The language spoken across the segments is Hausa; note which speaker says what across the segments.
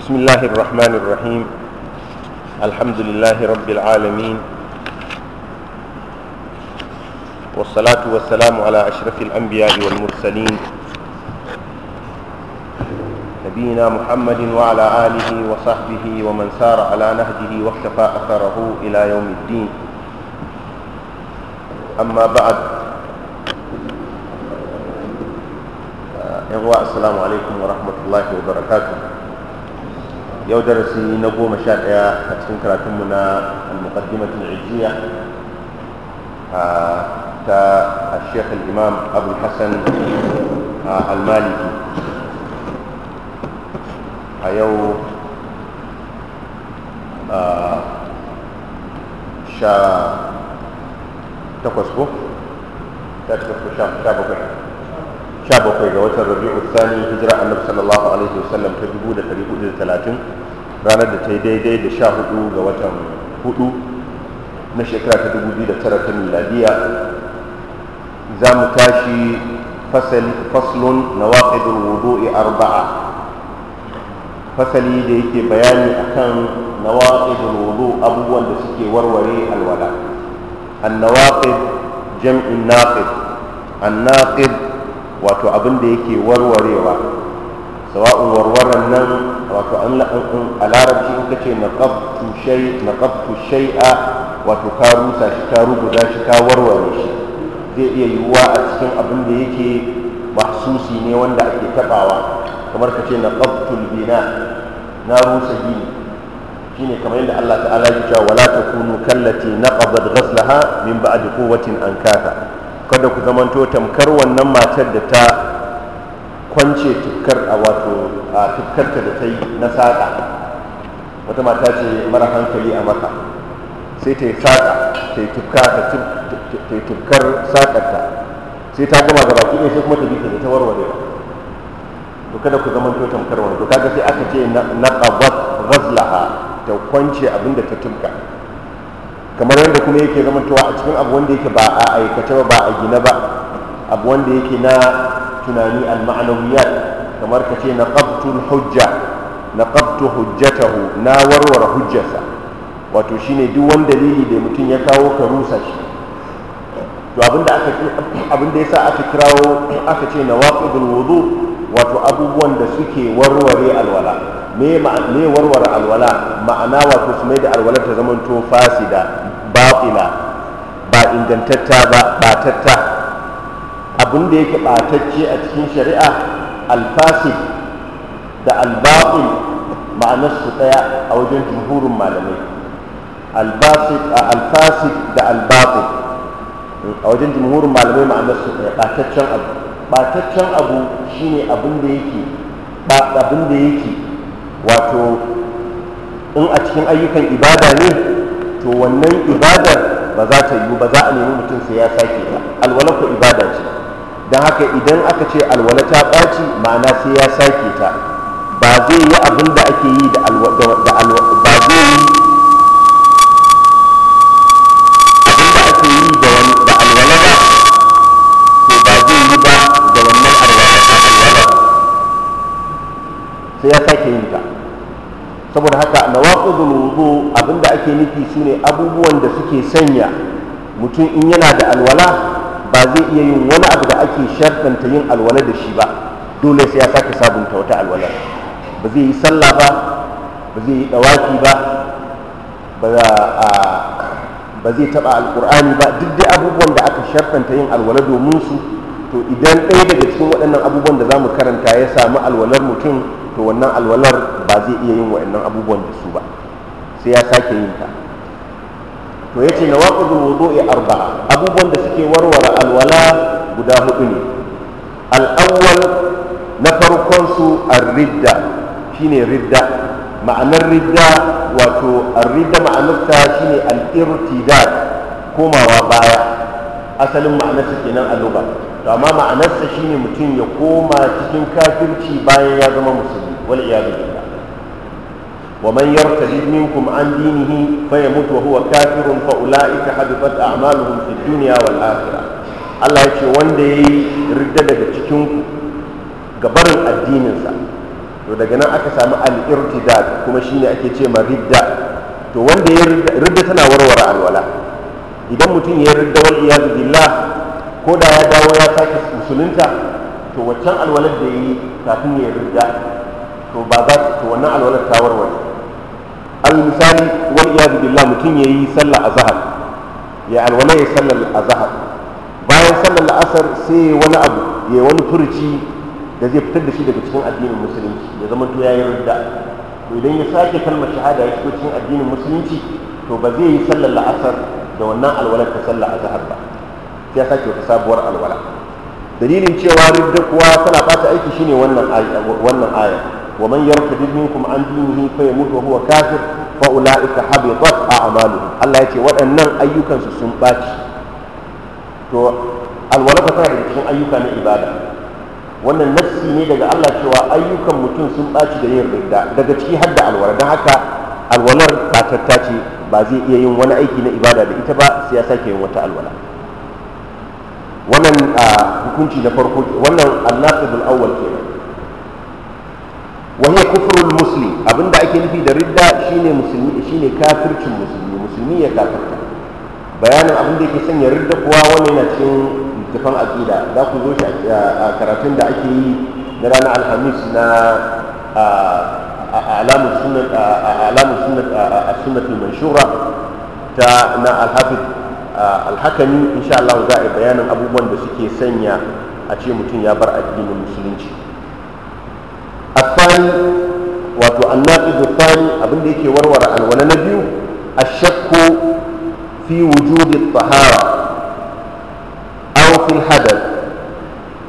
Speaker 1: بسم الله الرحمن الرحيم الحمد لله رب العالمين والصلاة والسلام على أشرف الأنبياء والمرسلين نبينا محمد وعلى آله وصحبه ومن سار على نهجه واختفى أثره إلى يوم الدين أما بعد yawa assalamu alaikum wa rahmatullahi wa barakatuh yau darasi na goma sha ɗaya a cikin karatunmu na al-muqaddimatul ijiya ta al-sheikh al-imam abul hassan al-maliki a yau sha takwas ko? ta takwas ko sha bakwai 17 ga watan rabi'u thani hijira annabi sallallahu alaihi wasallam ta dubu da da talatin ranar da ta yi daidai da sha hudu ga watan hudu na shekara ta dubu biyu da tara ta miladiya za mu tashi faslun na waƙidin wudu'i arba'a fasali da yake bayani akan na waƙidin wudu abubuwan da suke warware alwala an na waƙid jam'in naƙid an naƙid wato abin da yake warwarewa sawa'un warwaran nan wato an a larabci in kace naqabtu shay naqabtu wato ka rusa shi ka ruguda shi ka warware shi zai iya yiwuwa a cikin abin da yake mahsusi ne wanda ake tabawa kamar kace naqabtu bina na rusa gini shine kamar yadda Allah ta'ala ya ce wala takunu kallati naqadat ghaslaha min ba'di quwwatin ankatha kada ku zamanto tamkar wannan matar da ta kwance tukkar a wato a tukkarta da ta yi na saƙa wata mata ce mara hankali a maka sai ta yi saƙa ta yi tukka ta yi tukkar saƙarta sai ta gama gaba ɗaya sai kuma ta bi ta ta warware to kada ku to tamkar wani to kaga sai aka ce na qabat ghazlaha ta kwance abinda ta tukka kamar yadda kuma yake tuwa a cikin abu wanda yake ba a aikace ba a gina ba abu wanda yake na tunani al kamar ka ce na qabtul hujja na qabtu hujjatahu na warware hujjarsa wato shine duk wani dalili da mutum ya kawo ka rusa shi to abinda aka abinda yasa aka kirawo aka ce na nawaqidul wudu wato abubuwan da suke warware alwala me warware alwala ma'ana wato su mai da alwala ta zama to fasida baƙila ba ingantatta ba batatta abin da yake batacce a cikin shari'a alfasid da albaƙil ma'anar su ɗaya a wajen jumhurin malamai alfasid da albaƙil a wajen jumhurin malamai ma'anar su daya bataccen abu bataccen abu shine abin da yake ba abin da yake wato in a cikin ayyukan ibada ne to wannan ibadar ba za ta yiwu ba za a nemi mutum sai ya sake ta alwala ko ibada ce don haka idan aka ce alwala ta ɓaci ma'ana sai ya sake ta ba zai yi abin da ake yi da ba zai yi saboda haka na nawaqidul wudu abinda ake nufi sune abubuwan da suke sanya mutum in yana da alwala ba zai iya yin wani abu da ake shartanta yin alwala da shi ba dole sai ya sake sabunta wata alwala ba zai yi sallah ba ba zai yi dawaki ba ba zai taba alkur'ani ba duk dai abubuwan da aka shartanta yin alwala domin su to idan ɗaya daga cikin waɗannan abubuwan da za mu karanta ya samu alwalar mutum to wannan alwalar ba zai iya yin wa'annan abubuwan da su ba sai ya sake yin ta to yace nawaqidul wudu'i arba'a abubuwan da suke warware alwala guda hudu ne al na farkon su ar-ridda shine ridda ma'anar ridda wato ar-ridda ma'anar ta shine al-irtidad komawa baya asalin ma'anar ta kenan a lugha to amma ma'anarsa shine mutum ya koma cikin kafirci bayan ya zama musulmi wal iyadu billah wa man yartadi minkum an dinihi fa yamut wa huwa kafirun fa ulaika habitat a'maluhum fi dunya wal akhirah Allah ya ce wanda yayi ridda daga cikin ku gabarin addininsa to daga nan aka samu al-irtidad kuma shine ake ce ma ridda to wanda ya ridda tana warware alwala idan mutum ya ridda wal iyadu billah ko da ya dawo ya sake musulunta to waccan alwalar da yi kafin ya rida to ba za to wannan alwalar ta warware al misali wal iyad billah mutum yi sallah azhar ya alwala ya sallar azhar bayan sallar asar sai wani abu ya wani furci da zai fitar da shi daga cikin addinin musulunci ya zama to ya yi rida to idan ya sake kalmar shahada ya shigo cikin addinin musulunci to ba zai yi sallar la'asar da wannan alwalar ta sallar azhar ba sai ya sake wata sabuwar alwala dalilin cewa duk kuwa tana bata aiki shine wannan aya wannan aya wa man yartadid minkum an dinihi fa yamut wa huwa kafir fa ulaika habitat a'maluhum Allah ya ce waɗannan ayyukansu sun baci to alwala tana da cikin ayyuka na ibada wannan nassi ne daga Allah cewa ayyukan mutum sun baci da yin ridda daga ciki har da alwala don haka alwalar ba tattace ba zai iya yin wani aiki na ibada da ita ba sai ya sake yin wata alwala wannan hukunci na farko wannan annaqibul awwal kenan wa hiya kufrul muslim abinda ake nufi da ridda shine musulmi shine kafircin musulmi musulmi ya kafirta bayanin abin da yake sanya ridda kuwa wannan yana cikin littafin aqida za ku zo shi a karatun da ake yi na ranar alhamis na alamun sunnat alamun sunnat a sunnatul manshura ta na alhafiz alhakami insha Allah za a yi bayanin abubuwan da suke sanya a ce mutum ya bar addinin musulunci الثاني wato annaqidu thani abin da yake warware alwala na biyu ashakku fi wujudi at-tahara aw fi hadath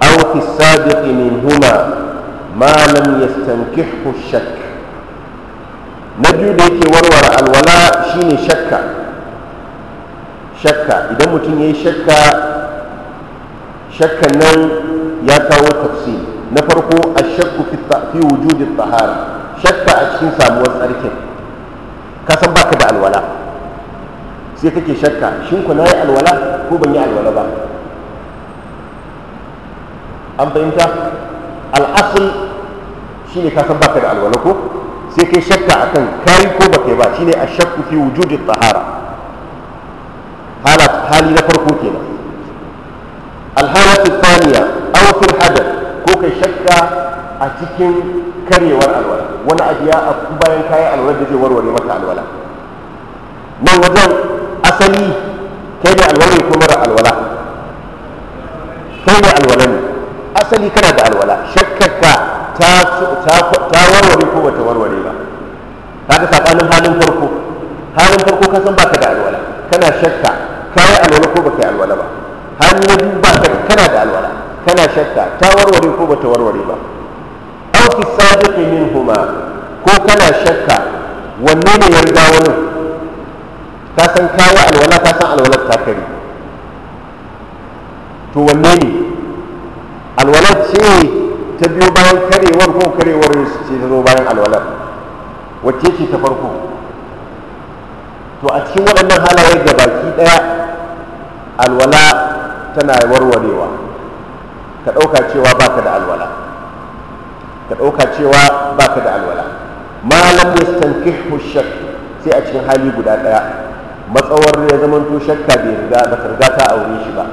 Speaker 1: aw fi sabiq min huna ma lam yastankihu shakk na biyu da yake warware alwala shine shakka shakka idan mutum ya yi shakka shakkan nan ya kawo tafsir na farko a shakku fi wujudin tsahara shakka a cikin samuwar tsarkin ka san baka da alwala sai kake shakka shin ku na yi alwala ko ban yi alwala ba an fahimta al'asul shine ka san baka da alwala ko sai kai shakka akan kai ko baka yi ba shine a shakku fi wujudin tsahara. hali na farko kenan alhalatu thaniya aw fil hadath ko kai shakka a cikin karyewar alwala wani abu ya afku bayan kayan alwala da zai warware maka alwala nan wajen asali kai da alwala ko mara alwala kai da alwala ne asali kana da alwala shakkarka ta warware ko bata warware ba kaga sabanin halin farko halin farko ka san baka da alwala kana shakka ka yi alwala ko baka yi alwala ba hali na biyu ba kana da alwala kana shakka ta warware ko ba ta warware ba aw fi sadiqi minhuma ko kana shakka wanne ne yarda wani ka san ka yi alwala ka san alwalar ta kare to wanne ne alwalar ce ta biyo bayan karewar ko karewar ce ta zo bayan alwalar wacce ce ta farko to a cikin waɗannan halayen gabaki ɗaya alwala tana warwarewa ka ɗauka cewa baka da alwala ka ɗauka cewa baka da alwala malam yastankihu shak sai a cikin hali guda ɗaya matsawar ya to shakka bai riga ba riga ta aure shi ba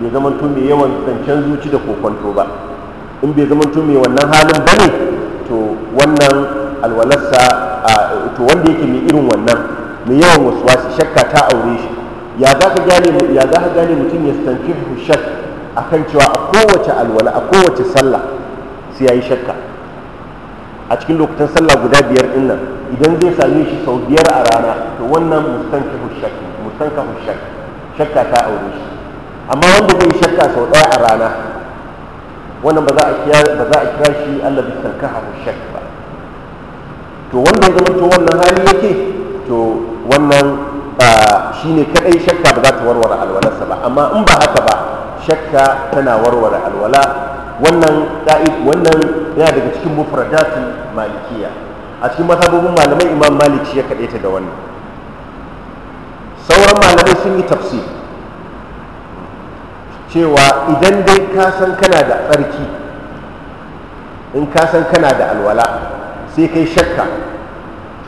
Speaker 1: bai to mai yawan zancen zuci da kokonto ba in bai to mai wannan halin ba ne to wannan alwalarsa to wanda yake mai irin wannan mai yawan wasu wasu shakka ta aure shi ya za ka gane ya za ka gane mutum ya stankihu shak kan cewa a kowace alwala a kowace sallah sai yayi shakka a cikin lokutan sallah guda biyar din nan idan zai same shi sau biyar a rana to wannan mustankihu shak mustankihu shak shakka ta aure shi amma wanda zai shakka sau ɗaya a rana wannan ba za a kira ba za a kira shi Allah bistankihu shak ba to wannan ya zama to wannan hali yake to wannan shine kadai shakka ba za ta warware alwalarsa ba amma in ba haka ba shakka tana warware alwala wannan ya wannan yana daga cikin mufradatu malikiya a cikin matabobin malamai imam malik shi ya kadaita da wannan sauran malamai sun yi tafsi cewa idan dai ka san kana da tsarki in ka san kana da alwala sai kai shakka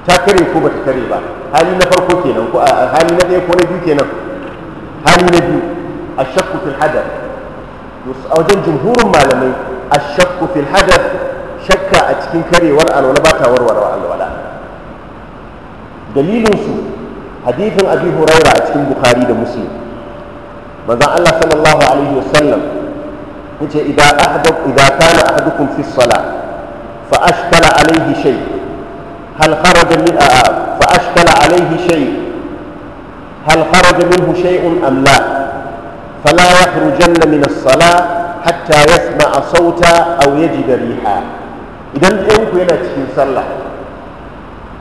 Speaker 1: ta kare ko bata kare ba hali na farko kenan ko hali na ɗaya ko na biyu kenan hali na biyu a ashakku fil hadath a wajen jumhurin malamai a ashakku fil hadath shakka a cikin karewar alwala ba ta warware alwala dalilin su hadithin abi huraira a cikin bukhari da muslim manzon Allah sallallahu alaihi wasallam yace idan ahadu idan kana ahadukum fi salah fa ashkala alaihi shay' هل خرج آه، آه، فأشكل عليه شيء هل خرج منه شيء أم لا فلا يخرجن من الصلاة حتى يسمع صوتا أو يجد ريحا إذا أنك هنا تشين صلى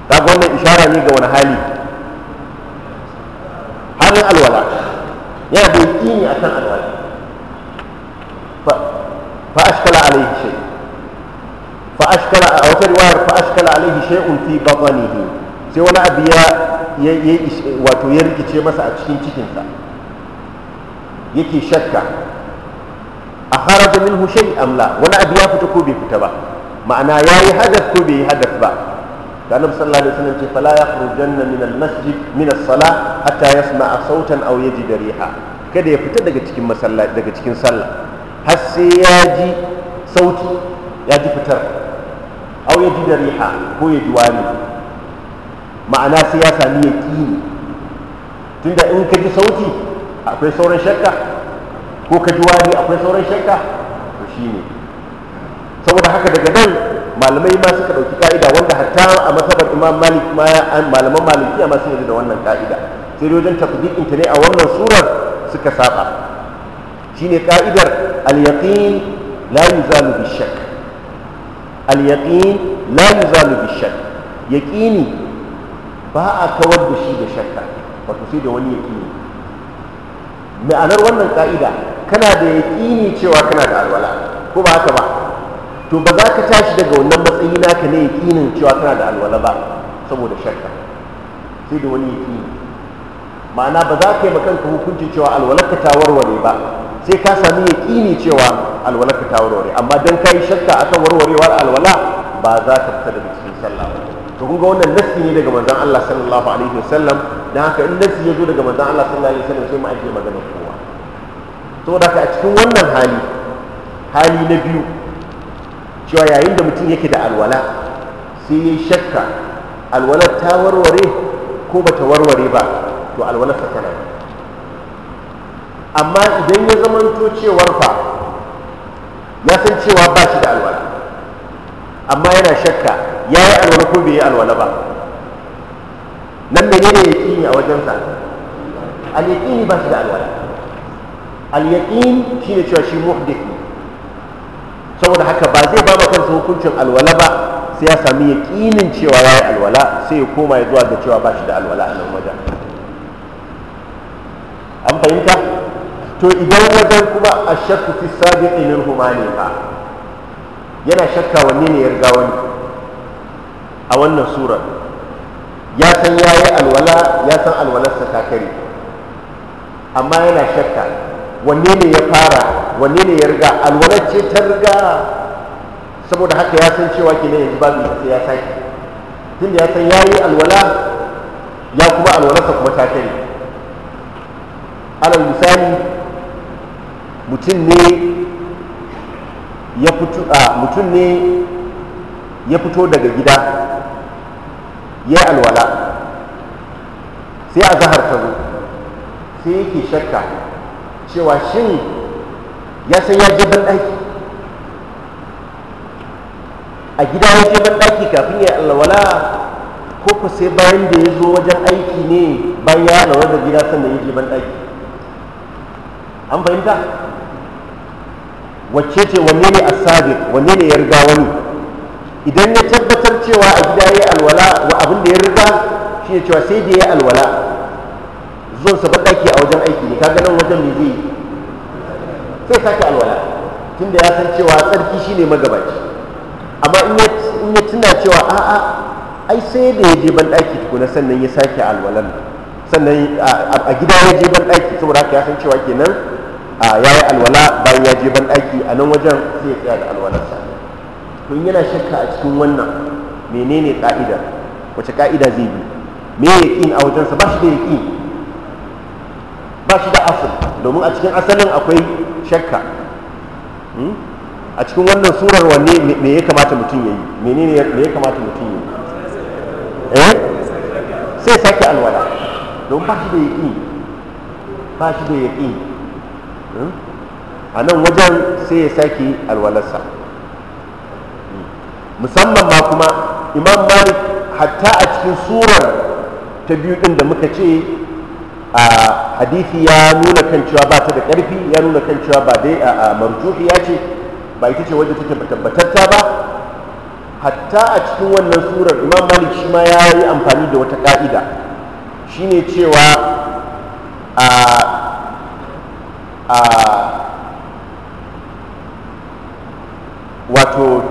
Speaker 1: تقول إشارة نيجا ونهالي هذا الولاء يا بيتيني أكن الولاء فأشكل عليه شيء fa a wata riwayar fa alaihi shay'un fi batnihi sai wani abu ya wato ya rikice masa a cikin cikinsa yake shakka a haraja minhu shay amla wani abu ya fita ko bai fita ba ma'ana yayi hadath ko bai hadath ba da annabi sallallahu alaihi wasallam ce fala yakhrujanna min almasjid min as-salah hatta yasma'a sautan aw yajida riha kada ya fita daga cikin masallaci daga cikin sallah har sai ya ji sauti ya ji fitar au ya ji da riha ko ya ji wani ma'ana sai ya sami ya ƙini tunda in ka ji sauti akwai sauran shakka ko ka ji wani akwai sauran shakka to shi ne saboda haka daga nan malamai ma suka ɗauki ka'ida wanda hatta a masabar imam malik ma malaman malikiya ma sun da wannan ka'ida sai dai wajen tafdiƙin ta ne a wannan surar suka saba shine ka'idar al-yaqin la yuzalu bi shakk al-yaqin la yuzalu bi shakk yaqini ba a kawar da shi da shakka wato sai da wani yaqini ma'anar wannan ka'ida kana da yaqini cewa kana da alwala ko ba haka ba to ba za ka tashi daga wannan matsayi naka ne yaqinin cewa kana da alwala ba saboda shakka sai da wani yaqini ma'ana ba za ka yi ma kanka hukunci cewa alwalarka ka ta warware ba sai ka sami yaqini cewa alwala ka ta warware amma dan kai shakka akan warwarewar alwala ba za ka fita daga cikin sallah ba to kun ga wannan nassi ne daga manzon Allah sallallahu alaihi wasallam dan haka in nassi ya zo daga manzon Allah sallallahu alaihi wasallam sai mu ajiye magana kowa da ka a cikin wannan hali hali na biyu cewa yayin da mutum yake da alwala sai ya shakka alwala ta warware ko ba ta warware ba to alwala ta kana amma idan ya zamanto cewar fa ya san cewa ba shi da alwala amma yana shakka ya yi alwala ko bai yi alwala ba nan da yana yaƙini a wajensa al-yaƙini ba shi da alwala al-yaƙin shi ne cewa shi muhdith ne saboda haka ba zai ba ma kansa hukuncin alwala ba sai ya sami yaƙinin cewa ya yi alwala sai ya koma ya zuwa da cewa ba shi da alwala a nan wajen an fahimta to idan wajen kuma a shakku fi sabiqi minhuma ne ba yana shakka wanne ne ya riga wani a wannan surar ya san ya yi alwala ya san alwalarsa ta kare amma yana shakka wanne ne ya fara wanne ne ya riga alwalar ce ta riga saboda haka ya san cewa ke ne yanzu babu sai ya sake tun da ya san ya yi alwala ya kuma alwalarsa kuma ta kare alal misali mutum ne ya fito mutum ne ya fito daga gida ya yi alwala sai a zahar ta zo sai yake shakka cewa shin ya san ya je ɗaki a gida ya je ɗaki kafin ya alwala ko ku sai bayan da ya zo wajen aiki ne bayan ya alwala da gida sannan ya je ɗaki an fahimta wacce ce wanne ne a sabiq wanne ne ya riga wani idan ya tabbatar cewa a gida ya yi alwala wa abin da ya riga shi ne cewa sai da yi alwala zuwan sa daki a wajen aiki ne kaga nan wajen me zai sai sake alwala tunda ya san cewa tsarki shine magabaci amma in ya tuna cewa a'a ai sai da ya je ban daki tukuna sannan ya sake alwalan sannan a gida ya je ban daki saboda haka ya san cewa kenan ya yi alwala bayan ya je ban aiki a nan wajen zai tsaya da alwalarsa tun yana shakka a cikin wannan menene ka'idar wace ka'ida zai bi me yi a wajensa ba shi da yi ba shi da asir domin a cikin asalin akwai shakka hmm? a cikin wannan surar wanne me ya kamata mutum ya yi menene me ya kamata mutum ya yi eh sai sake alwala don ba shi da yi ba shi da yaƙin hmm? a nan wajen sai ya sake alwalarsa musamman ma kuma imam malik hatta a cikin surar ta biyu ɗin da muka ce a hadithi ya nuna kan cewa ba ta da ƙarfi ya nuna kan cewa ba dai a ya ce ba ita ce wadda take tabbatatta ba hatta a cikin wannan surar imam malik shi ma ya yi amfani da wata ƙa'ida shine cewa a wato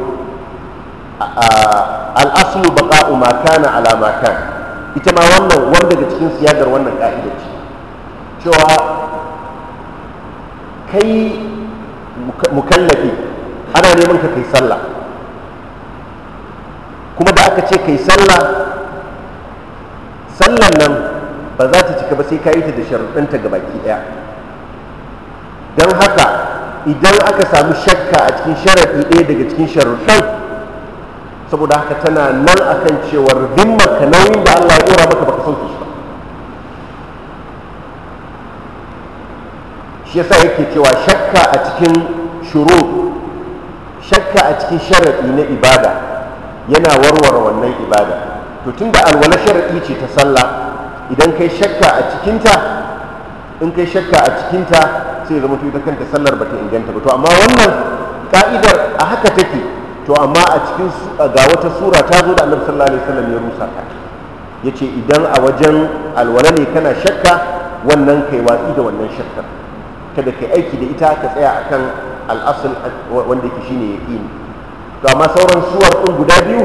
Speaker 1: al'asulu baqa'u ma na ala ita ma wannan wanda daga cikin siyadar wannan ka'ida ce cewa kai mukallafi ana neman ka kai sallah kuma da aka ce kai sallah sallan nan ba za ta cika ba sai ka yi ta da ga baki ɗaya idan aka samu shakka a cikin sharafi ɗaya daga cikin sharuɗan saboda haka tana nan akan cewar dimma ka nauyin da Allah ya ɗora maka baka su shi ba shi yasa yake cewa shakka a cikin shuru shakka a cikin sharaɗi na ibada yana warware wannan ibada to tunda alwala sharaɗi ce ta sallah idan kai shakka a cikinta in kai shakka a cikinta sai zama to ita kanta sallar bata inganta ba to amma wannan ka'idar a haka take to amma a cikin ga wata sura ta zo da annabi sallallahu alaihi wasallam ya rusa ta yace idan a wajen alwala ne kana shakka wannan kai watsi da wannan shakkar kada kai aiki da ita ka tsaya akan al'asul wanda yake shine yaqini to amma sauran suwar din guda biyu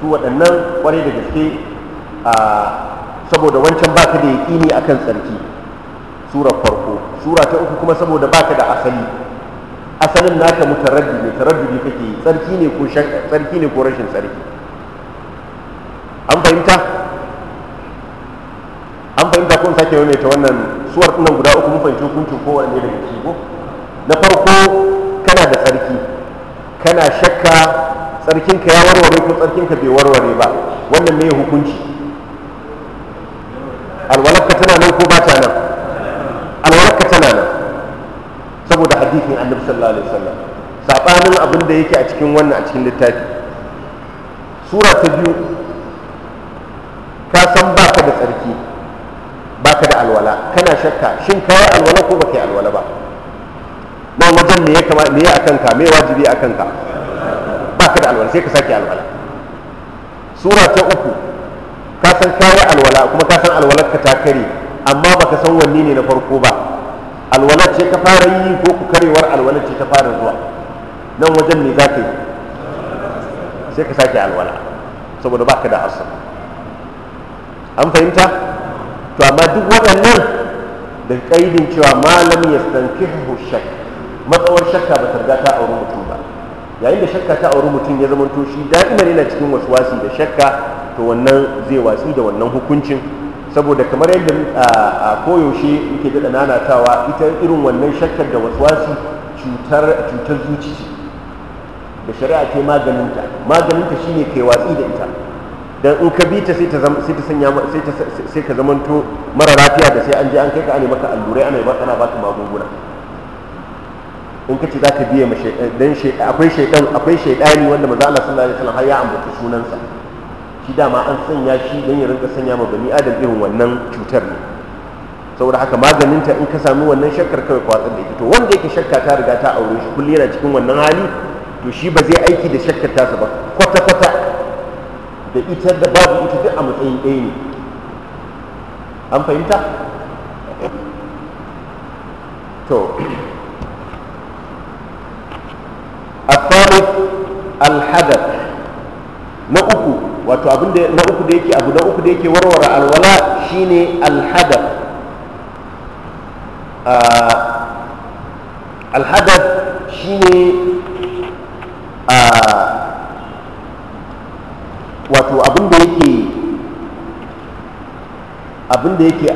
Speaker 1: su waɗannan kwarai da gaske a saboda wancan baka da yaƙini akan tsarki sura ta uku kuma saboda baka da asali asalin naka mutaraddi ne taraddudi kake yi tsarki ne ko tsarki ne ko rashin tsarki an fahimta an fahimta kun sake wani ta wannan suwar ɗinan guda uku mun fahimci hukuncin ko ne daga ciki ko na farko kana da tsarki kana shakka tsarkinka ya warware ko tsarkinka bai warware ba wannan ne hukunci alwalarka tana nan ko ba ta nan hadisin annabi sallallahu alaihi wasallam sabanin abin da yake a cikin wannan a cikin littafi sura ta biyu ka san baka da tsarki baka da alwala kana shakka shin ka yi alwala ko baka yi alwala ba nan wajen me ya kama me ya akan ka me wajibi akan ka baka da alwala sai ka sake alwala sura ta uku ka san ka yi alwala kuma ka san alwalar ka ta kare amma baka san wanne ne na farko ba alwalar ce ka fara yi ko ku karewar alwalar ce ta fara zuwa nan wajen ne za ka yi sai ka sake alwala saboda ba ka da asa an fahimta to amma duk waɗannan da ƙaidin cewa malam ya stankihu shak matsawar shakka ba ta riga ta auri mutum ba yayin da shakka ta auri mutum ya zama zamanto shi da'imar yana cikin wasu wasi da shakka to wannan zai watsi da wannan hukuncin saboda kamar yadda a koyaushe muke daɗa nanatawa ita irin wannan shakkar da wasu cutar cutar zuci da shari'a ce maganinta maganinta shine kai watsi da ita dan in ka bi ta sai ta sai ta sanya sai ta sai ka zamanto mara lafiya da sai an je an kai ka ane maka allurai ana ba ana baka magunguna in ka ce za ka biye ma eh, dan akwai shaidan akwai shaidani wanda manzo Allah sallallahu alaihi wasallam har ya ambata sunansa shi dama an sanya shi don ya rinka sanya ma bani adam irin wannan cutar ne saboda haka maganinta in ka sami wannan shakkar kawai kwatsar da ita to wanda yake shakka ta riga ta aure shi kulli yana cikin wannan hali to shi ba zai aiki da shakkar ta ba kwata-kwata da ita da babu ita duk a matsayin ɗaya ne an fahimta to الثالث الحدث na uku wato abin da na uku da yake abu na uku da yake warware alwala shine alhadar ah, alhadar shine ah, wato abin da yake abin da yake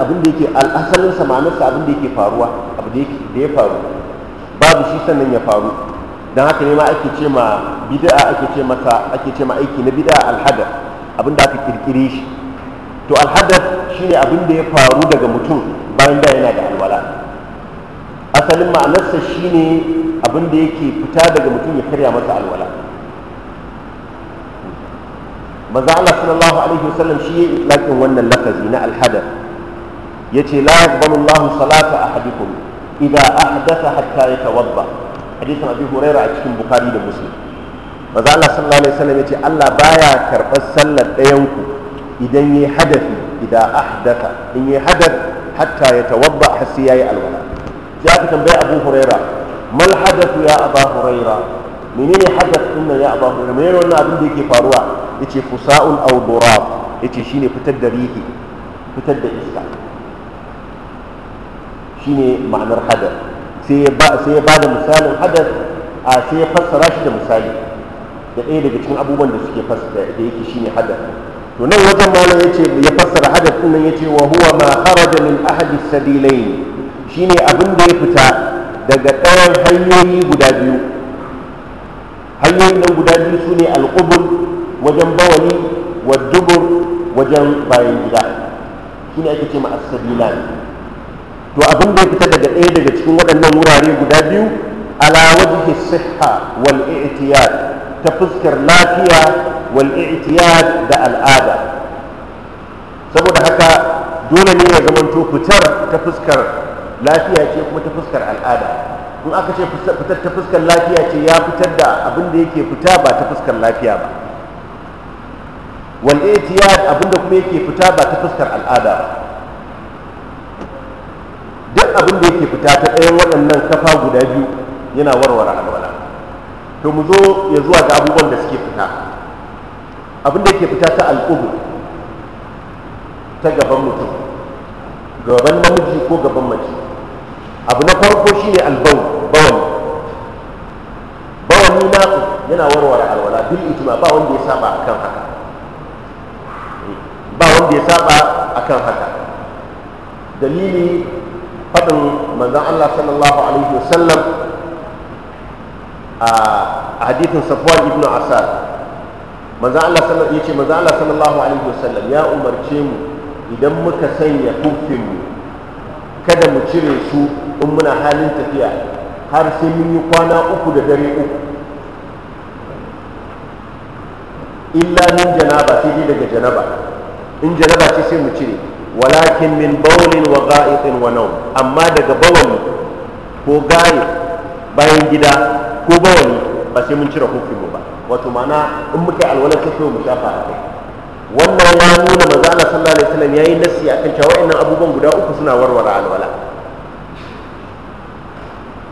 Speaker 1: abin da yake al'asalin samanarsa abin da yake faruwa abu da yake da ya faru babu shi sannan ya faru don haka ne ma ake ce ma bid'a ake ce ake ce ma aiki na bid'a alhadar abin da aka kirkire shi to alhadar shine abin da ya faru daga mutum bayan da yana da alwala asalin ma'anarsa shine abin da yake fita daga mutum ya karya masa alwala maza Allah sallallahu alaihi wasallam shi ya itlaqin wannan lafazi na alhadar yace la yaqbalu Allahu salata ahadikum idza ahdatha hatta yatawadda hadisin abi huraira a cikin bukhari da muslim maza Allah sallallahu alaihi wasallam yace Allah baya karɓar sallar ɗayan ku idan yayi hadafi idan ahdatha in yayi hadath hatta yatawadda har sai yayi alwala sai aka tambaye Abu Huraira mal hadathu ya Abu Huraira menene hadath din nan ya Abu Huraira menene wannan abin da yake faruwa yace fusa'un aw durab yace shine fitar da rihi fitar da iska shine ma'anar hadath sai ya ba sai ya bada misalin hadath a sai ya fassara shi da misali da ɗaya daga cikin abubuwan da suke fassara da yake shine hadath to nan wajen ya ce ya fassara hadath din nan yace wa huwa ma kharaja min ahadi shi shine abin da ya fita daga ɗayan hanyoyi guda biyu hanyoyin nan guda biyu sune alqubur wajen bawali wa dubur wajen bayan gida shine ake ce ma as-sabilan to abin da ya fita daga ɗaya daga cikin waɗannan wurare guda biyu ala wajhi sihha wal i'tiyad ta fuskar lafiya wal i'tiyad da al'ada saboda haka dole ne ya zamanto fitar ta fuskar lafiya ce kuma ta fuskar al'ada in aka ce fitar ta fuskar lafiya ce ya fitar da abin da yake fita ba ta fuskar lafiya ba wal i'tiyad abin da kuma yake fita ba ta fuskar al'ada ba duk abin da yake fita ta ɗayan waɗannan kafa guda biyu yana warware alwala to mu zo ya zuwa ga abubuwan da suke fita abin da ke fita ta al'ubu ta gaban mutum gaban namiji ko gaban mace abu na farko shi ne albau bawani ni na yana warware alwala bil ijma ba wanda ya saba akan haka ba wanda ya saba akan haka dalili faɗin manzon Allah sallallahu alaihi wasallam a a hadithin safwan ibnu asad manzo Allah sallallahu yace manzo Allah sallallahu alaihi wasallam ya umarce mu idan muka sanya kufin mu kada mu cire su in muna halin tafiya har sai mun yi kwana uku da dare uku illa min janaba sai dai daga janaba in janaba ce sai mu cire walakin min bawlin wa ga'itin wa nawm amma daga bawali ko gari bayan gida ko bawali ba sai mun cire hukumu ba wato ma'ana in muka yi alwala sai kai mu shafa a kai wannan ya nuna manzo Allah sallallahu alaihi wasallam yayi nasi akan cewa wa'annan abubuwan guda uku suna warware alwala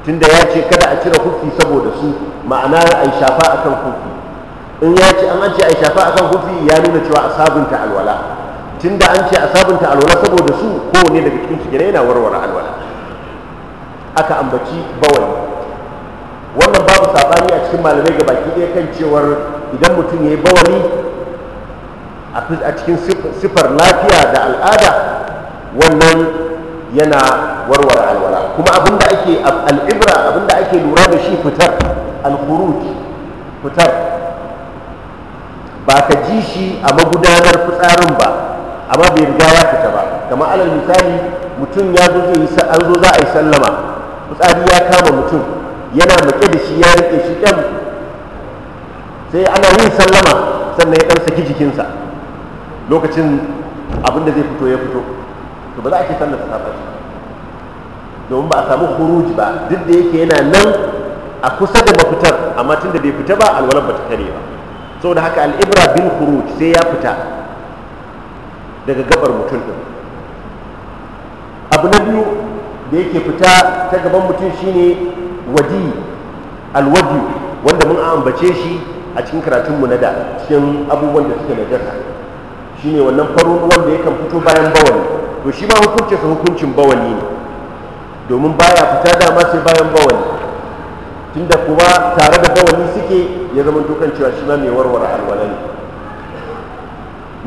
Speaker 1: tunda ya ce kada a cire hukumi saboda su ma'ana yi shafa akan hukumi in ya ce an ce yi shafa akan hukumi ya nuna cewa a sabunta alwala tunda an ce a sabunta alwala saboda su kowane daga cikin su yana warware alwala aka ambaci bawali wannan babu sabani a cikin malamai ga baki ɗaya kan cewar idan mutum ya yi bawali a cikin sifar lafiya da al'ada wannan yana warware alwala kuma abinda ake al'ibra abinda ake lura da shi fitar al fitar ba ka ji shi a magudanar fitsarin ba amma bai riga ya fita ba kamar alal misali mutum ya zo zai zo za a yi sallama fitsari ya kama mutum yana maƙe da shi ya riƙe shi ɗan sai ana yin sallama sannan ya ɗan saki jikinsa lokacin abin da zai fito ya fito to ba za a ce sallar ta ba domin ba a samu huruji ba duk da yake yana nan a kusa da mafitar amma tun da bai fita ba alwalar ba ta kare ba saboda haka al'ibra bin huruj sai ya fita daga gabar mutum din abu na biyu da yake fita ta gaban mutum shine wadi alwadi wanda mun ambace shi a cikin karatunmu na da cikin abubuwan da suke najasa shine wannan faro wanda da yakan fito bayan bawani to shi ma hukuncinsa hukuncin bawani ne domin baya fita dama sai bayan bawani tunda kuma tare da bawani suke ya zama dukan cewa shi ma mai warware alwala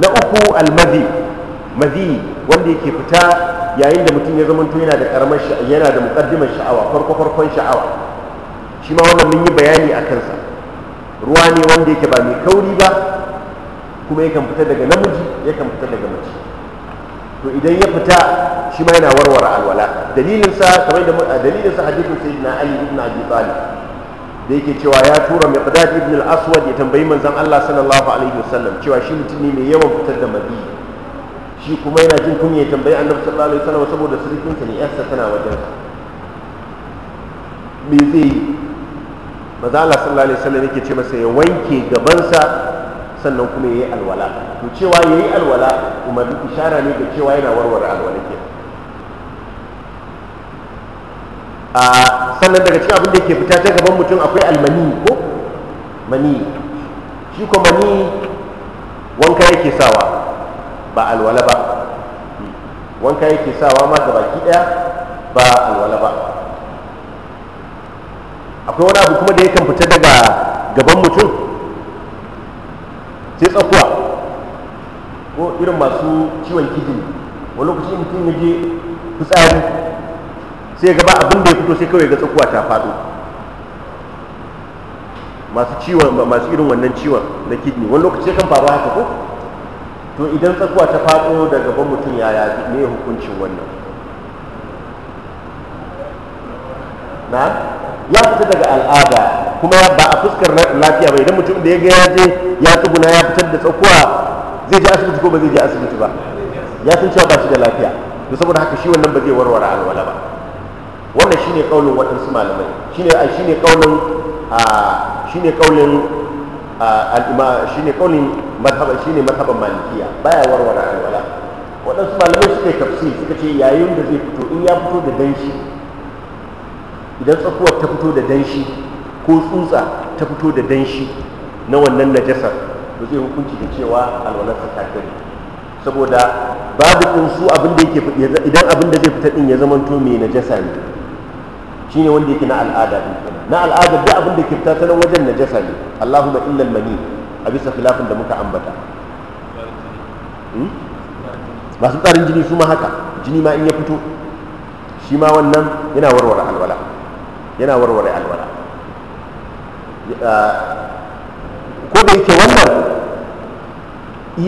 Speaker 1: na uku almadhi madhi wanda yake fita yayin da mutum ya zamanto yana da karamar yana da mukaddimar sha'awa farko farkon sha'awa shi ma wannan mun yi bayani a kansa ruwa ne wanda yake ba mai kauri ba kuma yakan fita daga namiji yakan fita daga mace to idan ya fita shi ma yana warware alwala dalilin sa kamar da dalilin sa hadithin sayyidina ali ibn abi talib da yake cewa ya tura miqdad ibn al-aswad ya tambayi manzon Allah sallallahu alaihi wasallam cewa shi mutum ne mai yawan fitar da madina shi kuma yana jin kunya ya tambayi annabi sallallahu alaihi wasallam saboda sirrinsa ne yarsa tana wajen me zai yi maza Allah sallallahu alaihi wasallam yake ce masa ya wanke gabansa sannan kuma yayi alwala to cewa yayi alwala kuma duk ishara ne ga cewa yana warware alwala ke a sannan daga cikin abin da yake fita ta gaban mutum akwai almani ko mani shi ko mani wanka yake sawa ba alwala ba wanka yake sawa ma ga baki daya ba alwala ba akwai wani abu kuma da yakan fita daga gaban mutum sai tsakuwa ko irin masu ciwon kidi wani lokaci mutum ya je fitsari sai gaba abin da ya fito sai kawai ga tsakuwa ta faɗo masu ciwon masu irin wannan ciwon na kidney wani lokaci kan faru haka ko to idan tsakuwa ta faɗo da gaban mutum ya yaya ne hukuncin wannan na ya fita daga al'ada kuma ba a fuskar lafiya ba idan mutum da ya ga ya je ya tsuguna ya fitar da tsakuwa zai je asibiti ko ba zai je asibiti ba ya san cewa ba shi da lafiya to saboda haka shi wannan ba zai warware alwala ba wannan shine kaulin waɗansu malamai shine shine kaulin a ah, shine kaulin shine kaulin madhaba shine madhaban malikiya baya warware alwala waɗansu malamai suka yi tafsir suka ce yayin da zai fito in ya fito da danshi idan tsakuwar ta fito da danshi ko tsutsa ta fito da danshi na wannan najasar ba zai hukunci da cewa alwalarsa ta kare saboda babu ɗin su abin da yake idan abin da zai fita ɗin ya zamanto mai najasa ne shine wanda yake na al'ada ɗin na al'ada duk abin da ke fita ta nan wajen najasa ne allahumma illal mani a bisa khilafin da muka ambata hmm? masu tsarin jini su ma haka jini ma in ya fito shi ma wannan yana warware alwala yana warware alwala ko da yake wannan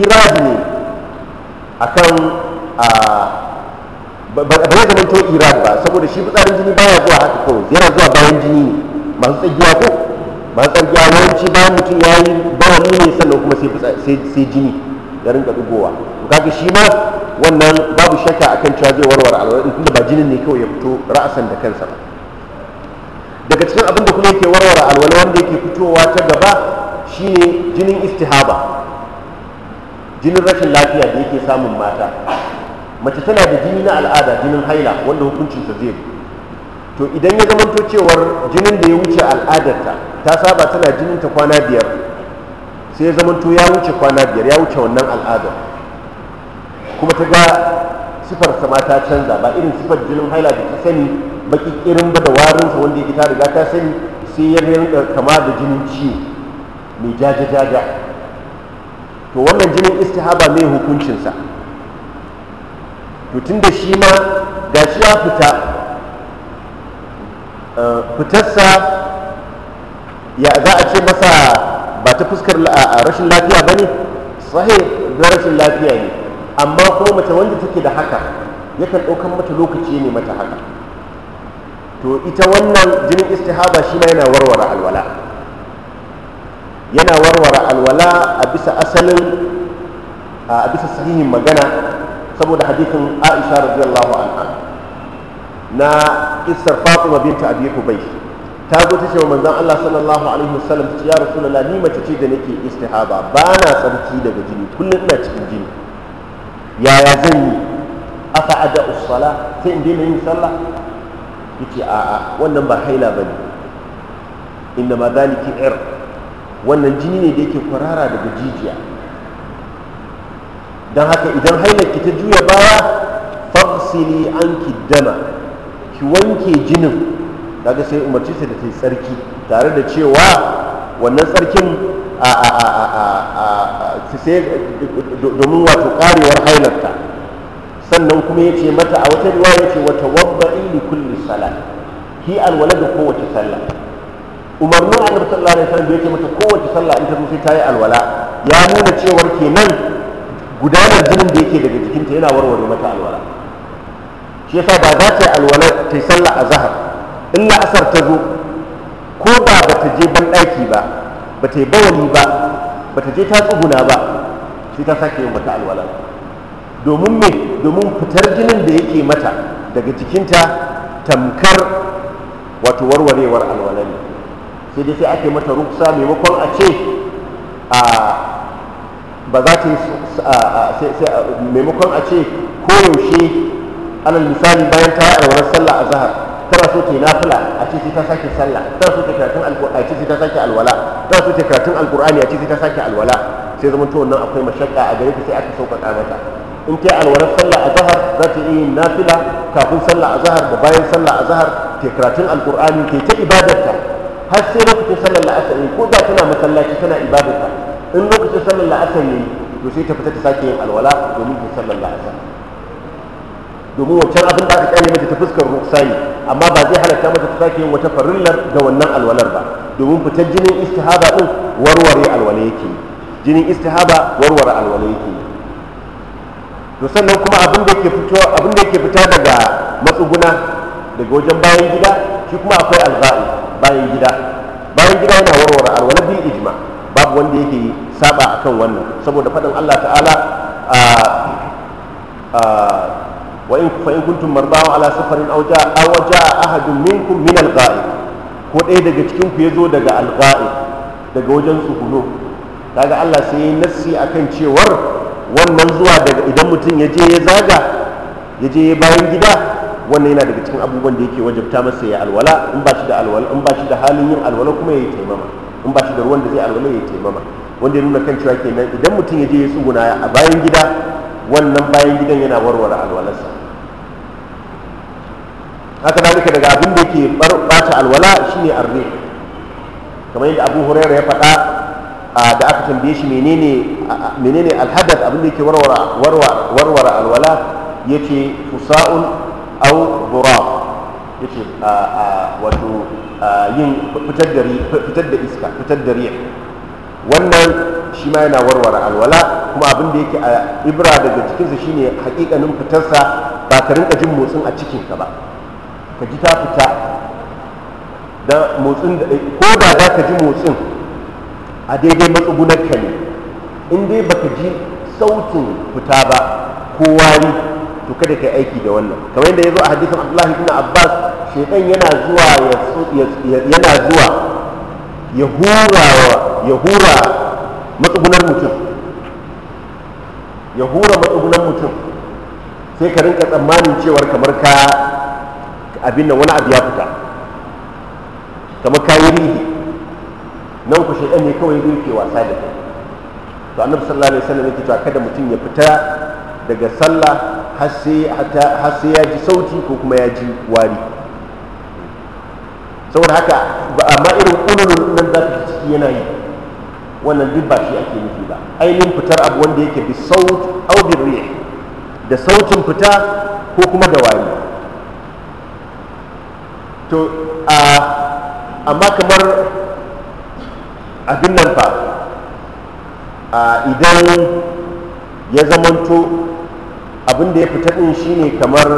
Speaker 1: irad ne akan ba zai zama to irad ba saboda shi fitsarin jini baya zuwa haka kawai yana zuwa bayan jini ne masu tsagiya ko masu tsagiya yawanci bayan mutum ya yi ba bawani ne sannan kuma sai jini ya rinka dugowa kaga shi ma wannan babu shakka akan cewa zai warware alwala tunda ba jinin ne kawai ya fito ra'asan da kansa ba daga cikin abin da kuma yake warware alwala wanda yake fitowa ta gaba shine jinin istihaba jinin rashin lafiya da yake samun mata mace tana da jini na al'ada jinin haila wanda hukuncinsa zai to idan ya zamanto cewar jinin da ya wuce al'adarta ta saba tana jinin ta kwana biyar sai ya zamanto ya wuce kwana biyar ya wuce wannan al'adar kuma ta ga sifar sama ta canza ba irin sifar jinin haila da ta sani baki irin ba da warinsa wanda ya ta riga ta sani sai ya rinka kama da jinin ciwo mai jaja to wannan jinin istihaba mai hukuncinsa to tun da shi ma ga shi ya fita fitarsa ya za a ce masa ba ta fuskar rashin lafiya ba ne sahi da rashin lafiya ne amma kuma mace wanda take da haka yakan ɗaukan mata lokaci ne mata haka to ita wannan jinin istihaba shi ma yana warware alwala yana warware alwala a bisa asalin a bisa sahihin magana saboda hadithin aisha radiyallahu na kisar fatima binta abi hubai ta zo ta ce wa manzon Allah sallallahu alaihi wasallam ta ce ya rasulullah ni mace ce da nake istihaba ba na tsarki daga jini kullum ina cikin jini yaya zan yi aka ada usala sai in daina yin sallah yace a'a wannan ba haila bane inna ma zaliki ir wannan jini ne da yake kwarara daga jijiya don haka idan haila ki ta juya baya fafsili an dama ki wanke jinin kaga sai umarci ta da ta tsarki tare da cewa wannan tsarkin a a a a a sai domin wato karewar hailarta sannan kuma ya ce mata a wata riwaya ya ce wata wabba li kulli sala ki alwala da kowace sallah umarnin annabi sallallahu alaihi wasallam ya ce mata kowace sallah in ta zo sai ta yi alwala ya nuna cewar kenan gudanar jinin da yake daga jikinta yana warware mata alwala shi yasa ba za ta yi alwala ta sallah a zahar in la'asar ta zo ko ba ba ta je ban ɗaki ba ba ta yi bawali ba ba ta je ta tsuguna ba sai ta sake yin wata alwala domin me domin fitar jinin da yake mata daga jikinta tamkar wato warwarewar alwala ne sai dai sai ake mata ruksa maimakon a ce a ba za ta yi maimakon a ce koyaushe alal misali bayan ta alwalar sallah a zahar tana so ta nafila a ce ta sake sallah tana so ta karatun alqur'ani a ce ta sake alwala tana so ta karatun alqur'ani a ce ta sake alwala sai zama to wannan akwai mashakka a gare ta sai aka sauƙaƙa mata in ta alwalar sallah a zahar za ta iya yin nafila kafin sallah a zahar da bayan sallah a zahar ta karatun alqur'ani ta ta ibadarta har sai lokacin sallar la'asar ko da tana masallaci tana ibadarta in lokacin sallar la'asar ne to sai ta fita ta sake yin alwala domin ta sallar la'asar domin wancan abin da aka kyale mata ta fuskar ruksani amma ba zai halatta mata ta sake wata farillar da wannan alwalar ba domin fitar jinin istihaba din warware alwala yake jinin istihaba warware alwala yake to sannan kuma abin da yake fito abin da yake fita daga matsuguna daga wajen bayan gida shi kuma akwai alba'i bayan gida bayan gida yana warware alwala bi ijma babu wanda yake saba akan wannan saboda faɗin Allah ta'ala a وإن فإن كنتم مرضى على سفر أو جاء أو جاء أحد منكم من الغائب ko ɗaya daga cikin ku ya zo daga alƙa'i daga wajen tsuguno kaga Allah sai ya nassi akan cewar wannan zuwa daga idan mutum ya je ya zaga ya je ya bayan gida wannan yana daga cikin abubuwan da yake wajabta masa ya alwala in ba shi da alwala in ba shi da halin yin alwala kuma ya yi taimama in ba shi da ruwan da zai alwala ya yi taimama wanda ya nuna kan cewa kenan idan mutum ya je ya tsuguna a bayan gida wannan bayan gidan yana warware alwalarsa haka dalika daga abin da ke bata alwala shine arri kamar yadda abu huraira ya faɗa da aka tambaye shi menene alhadath abin da ke warware alwala ya ce fusa'un au bura ya wato yin fitar da iska fitar da riya wannan shi ma yana warware alwala kuma abin da yake a ibra daga jikinsa shine hakikanin fitarsa ba ka rinka jin motsin a cikinka ba ka ji ta fita da motsin ko da za ka ji motsin a daidai matsugunarka ne in dai ba ka ji sautin fita ba ko wari to kada ka aiki da wannan kamar yadda ya zo a hadisin abdullahi ibn abbas shaitan yana zuwa yana zuwa ya hura ya hura matsugunar mutum ya hura matsugunar mutum sai ka rinka tsammanin cewar kamar ka abin da wani abu ya fita kamar ka yi rihi nan ku shaɗa ne kawai rike wasa da kai to annabi sallallahu alaihi wasallam yake cewa kada mutum ya fita daga sallah har sai ya ji sauti ko kuma ya ji wari saboda haka ba amma irin kununun nan za ta ciki yana yi wannan duk ba shi ake nufi ba ainihin fitar abu wanda yake bi saut au bi da sautin fita ko kuma da wari to a amma kamar abin nan fa idan ya zamanto abin da ya fita din shine kamar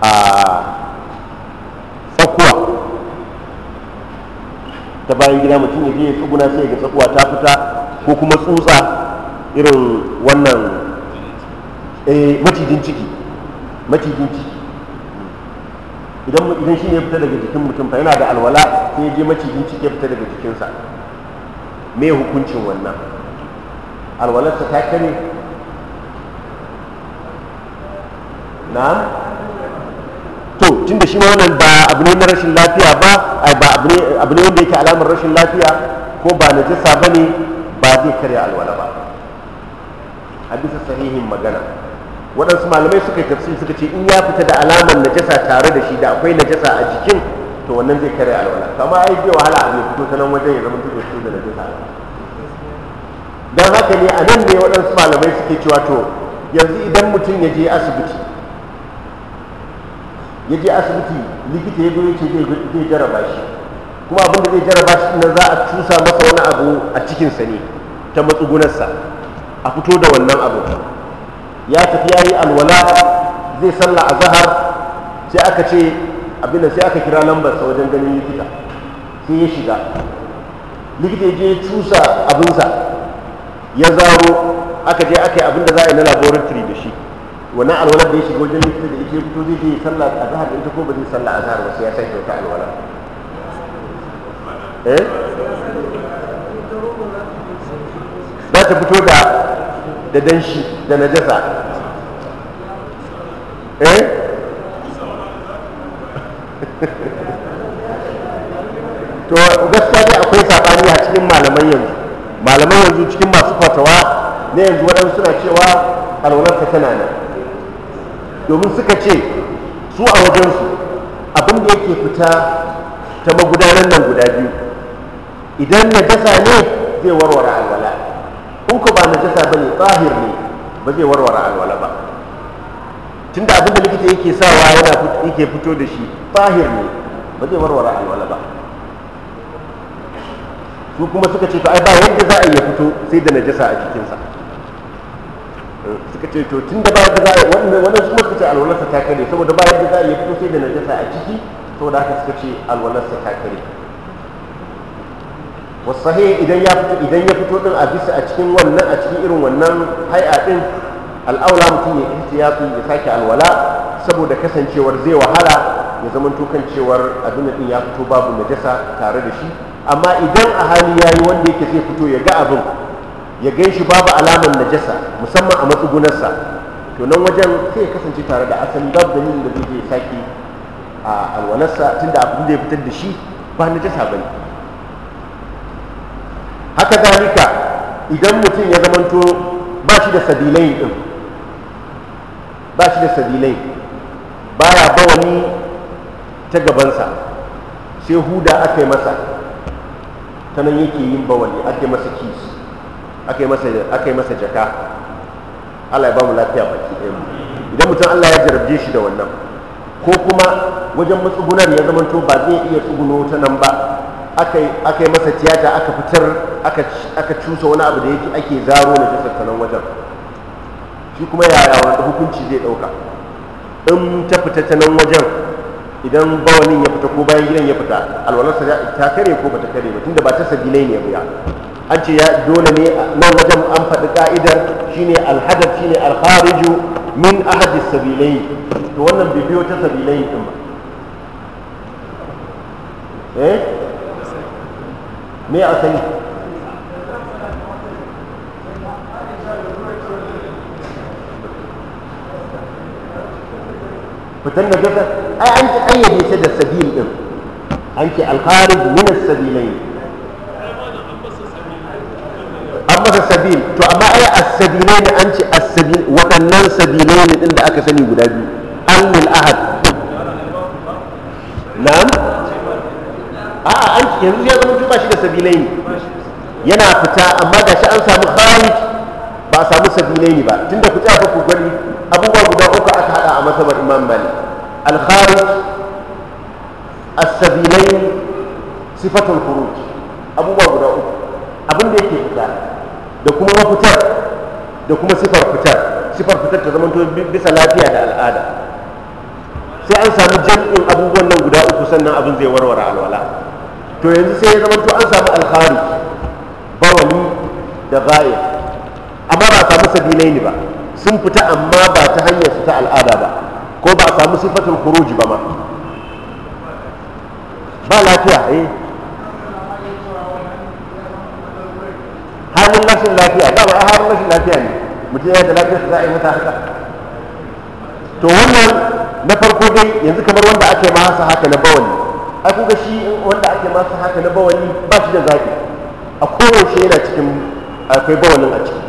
Speaker 1: a ta bayan gida mutum ya je ya tsuguna sai ga tsakuwa ta fita ko kuma tsutsa irin wannan eh, macijin ciki macijin ciki idan idan shi ne fita daga jikin mutum fa yana da alwala sai ya je macijin ciki ya fita daga jikinsa me hukuncin wannan alwalarsa ta kare na to tunda shi ma wannan ba abu ne na rashin lafiya ba abu ne wanda yake alamar rashin lafiya ko ba na jisa ba ne ba zai karya alwala ba a bisa sahihin magana waɗansu malamai suka yi tafsir suka ce in ya fita da alamar najasa tare da shi da akwai najasa a jikin to wannan zai karya alwala kama ai bai wahala a bai fito ta nan wajen ya zama tuzo su da najasa don haka ne a nan ne waɗansu malamai suke cewa to yanzu idan mutum ya je asibiti ya je asibiti likita ya zo ya zai jaraba shi kuma abinda zai jaraba shi nan za a cusa masa wani abu a cikinsa ne ta matsugunarsa a fito da wannan abu ya tafi ya yi alwala zai sallah a zahar sai aka ce abinda sai aka kira lambarsa wajen ganin likita sai ya shiga likita ya je ya cusa abinsa ya zaro aka je aka yi abinda za a yi na laboratory da shi wannan alwalar da ya shiga wajen likita da ita fito zai yi sallah a zahar da ita ko ba zai sallah a zahar ba sai ya sake wata alwala eh? za ta fito da da danshi da najasa eh to gaskiya dai akwai sabani a cikin malaman yanzu malaman yanzu cikin masu fatawa na yanzu waɗansu suna cewa ta tana nan domin suka ce su a wajensu abin da yake fita ta magudanar nan guda biyu idan na jasa ne zai warware alwala in ku ba na jasa ba ne ba zai warware alwala ba tunda abin da likita yake sawa yana yake fito da shi tsahir ne ba zai warware alwala ba su kuma suka ce ai ba yadda za a iya fito sai da najasa a cikinsa suka ce to tun da ba da za a wani kuma suka ce alwalarsa ta kare saboda ba yadda za a yi fito sai da najasa a ciki saboda haka suka ce alwalarsa ta kare wasahi idan ya fito idan ya fito din a bisa a cikin wannan a cikin irin wannan hai'a din al'aula mutum ya ihtiyatu ya sake alwala saboda kasancewar zai wahala ya zamanto kan cewar abin din ya fito babu najasa tare da shi amma idan a hali ya yi wanda yake zai fito ya ga abin ya gan shi babu alamar najasa musamman a matsugunarsa to nan wajen sai ya kasance tare da asali babu dalilin da zai saki a alwalarsa tunda abin da ya fitar da shi ba najasa ne. haka zalika idan mutum ya zamanto ba shi da sabilai din ba shi da sabilai baya wani ta gabansa sai huda aka yi masa ta nan yake yin bawani aka yi masa kisi aka yi masa jaka Allah ya ba mu lafiya baki ɗaya mu idan mutum Allah ya jarabje shi da wannan ko kuma wajen matsugunar ya zama to ba zai iya tsuguno ta nan ba aka yi masa tiyata aka fitar aka cusa wani abu da yake ake zaro na jasar nan wajen shi kuma yaya wanda hukunci zai ɗauka in ta fita ta nan wajen idan bawanin ya fita ko bayan gidan ya fita alwalarsa ta kare ko ba ta kare ba tunda ba ta sabilai ne ya an ce ya dole ne nan wajen an faɗi ka'idar shine alhadar shine alhariju min ahadis sabilai to wannan bai biyo ta sabilai din ba eh me a asali fitar da duka ai an ci ayyade ta da sabil din an ce alharij min as sabil to amma ai as-sabilai ne an ce as-sabil waɗannan sabilai ne din da aka sani guda biyu an lil ahad na'am a an yanzu ya zama ba shi da sabilai ne yana fita amma ga shi an samu khalid ba a samu sabilai ne ba tunda fita ba ku gani abubuwa guda uku aka hada a masabar imam malik al-khalid as-sabilai sifatul khuruj abubuwa guda uku abin da yake fita da kuma mafitar da kuma sifar fitar sifar fitar ta zama bisa lafiya da al'ada sai an samu jam'in abubuwan nan guda uku sannan abin zai warware alwala to yanzu sai ya zama to an samu alkhari bawali da baya amma ba a samu sabilai ne ba sun fita amma ba ta hanyar su ta al'ada ba ko ba a samu sifatul khuruji ba ma ba lafiya eh halin rashin lafiya ba ba halin rashin lafiya ne mutum yana da lafiya za a yi mata haka to wannan na farko dai yanzu kamar wanda ake masa haka na bawali ai ga shi wanda ake masa haka na bawali ba shi da zaki a kowace yana cikin akwai bawalin a ciki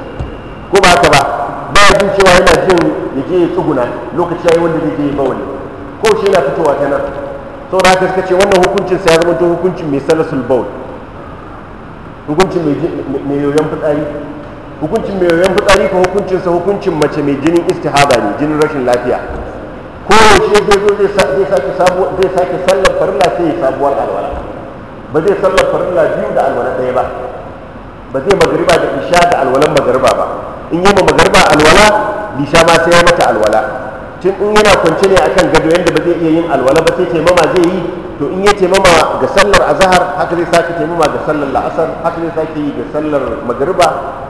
Speaker 1: ko ba haka ba ba ya jin cewa yana jin ya je ya tsuguna lokaci yayi wanda zai je ya bawali ko shi yana fitowa ta nan saboda haka suka ce wannan hukuncin ya zama hukuncin mai salasul bawl hukuncin mai yoyon fitsari hukuncin mai yoyon fitsari ko hukuncinsa hukuncin mace mai jinin istihada ne jinin rashin lafiya ko yaushe zai zo zai sake zai sake sallar farilla sai ya sabuwar alwala ba zai sallar farilla biyu da alwala ɗaya ba ba zai magariba da isha da alwalan magariba ba in yi ma magariba alwala lisha ma sai ya mata alwala tun in yana kwance ne akan gado yadda ba zai iya yin alwala ba sai taimama zai yi to in ya taimama ga sallar azahar haka zai sake taimama ga sallar la'asar haka zai sake yi ga sallar magariba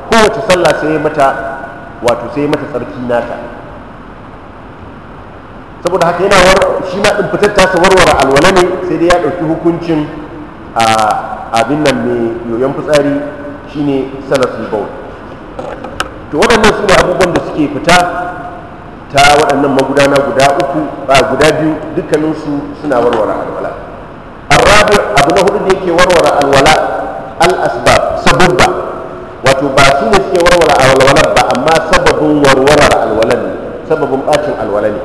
Speaker 1: kowace sallah sai ya mata wato sai ya mata tsarki nata saboda haka yana shi ma din fitar tasa warware alwala ne sai dai ya ɗauki hukuncin a abin nan mai yoyon fitsari shine salasul bawl to waɗannan su ne abubuwan da suke fita ta waɗannan magudana guda uku ba guda biyu dukkaninsu suna warware alwala Arabu abu na hudu da yake warware alwala al-asbab wato ba su ne suke warware alwala ba amma sababin warwarar alwala ne sababin bacin alwala ne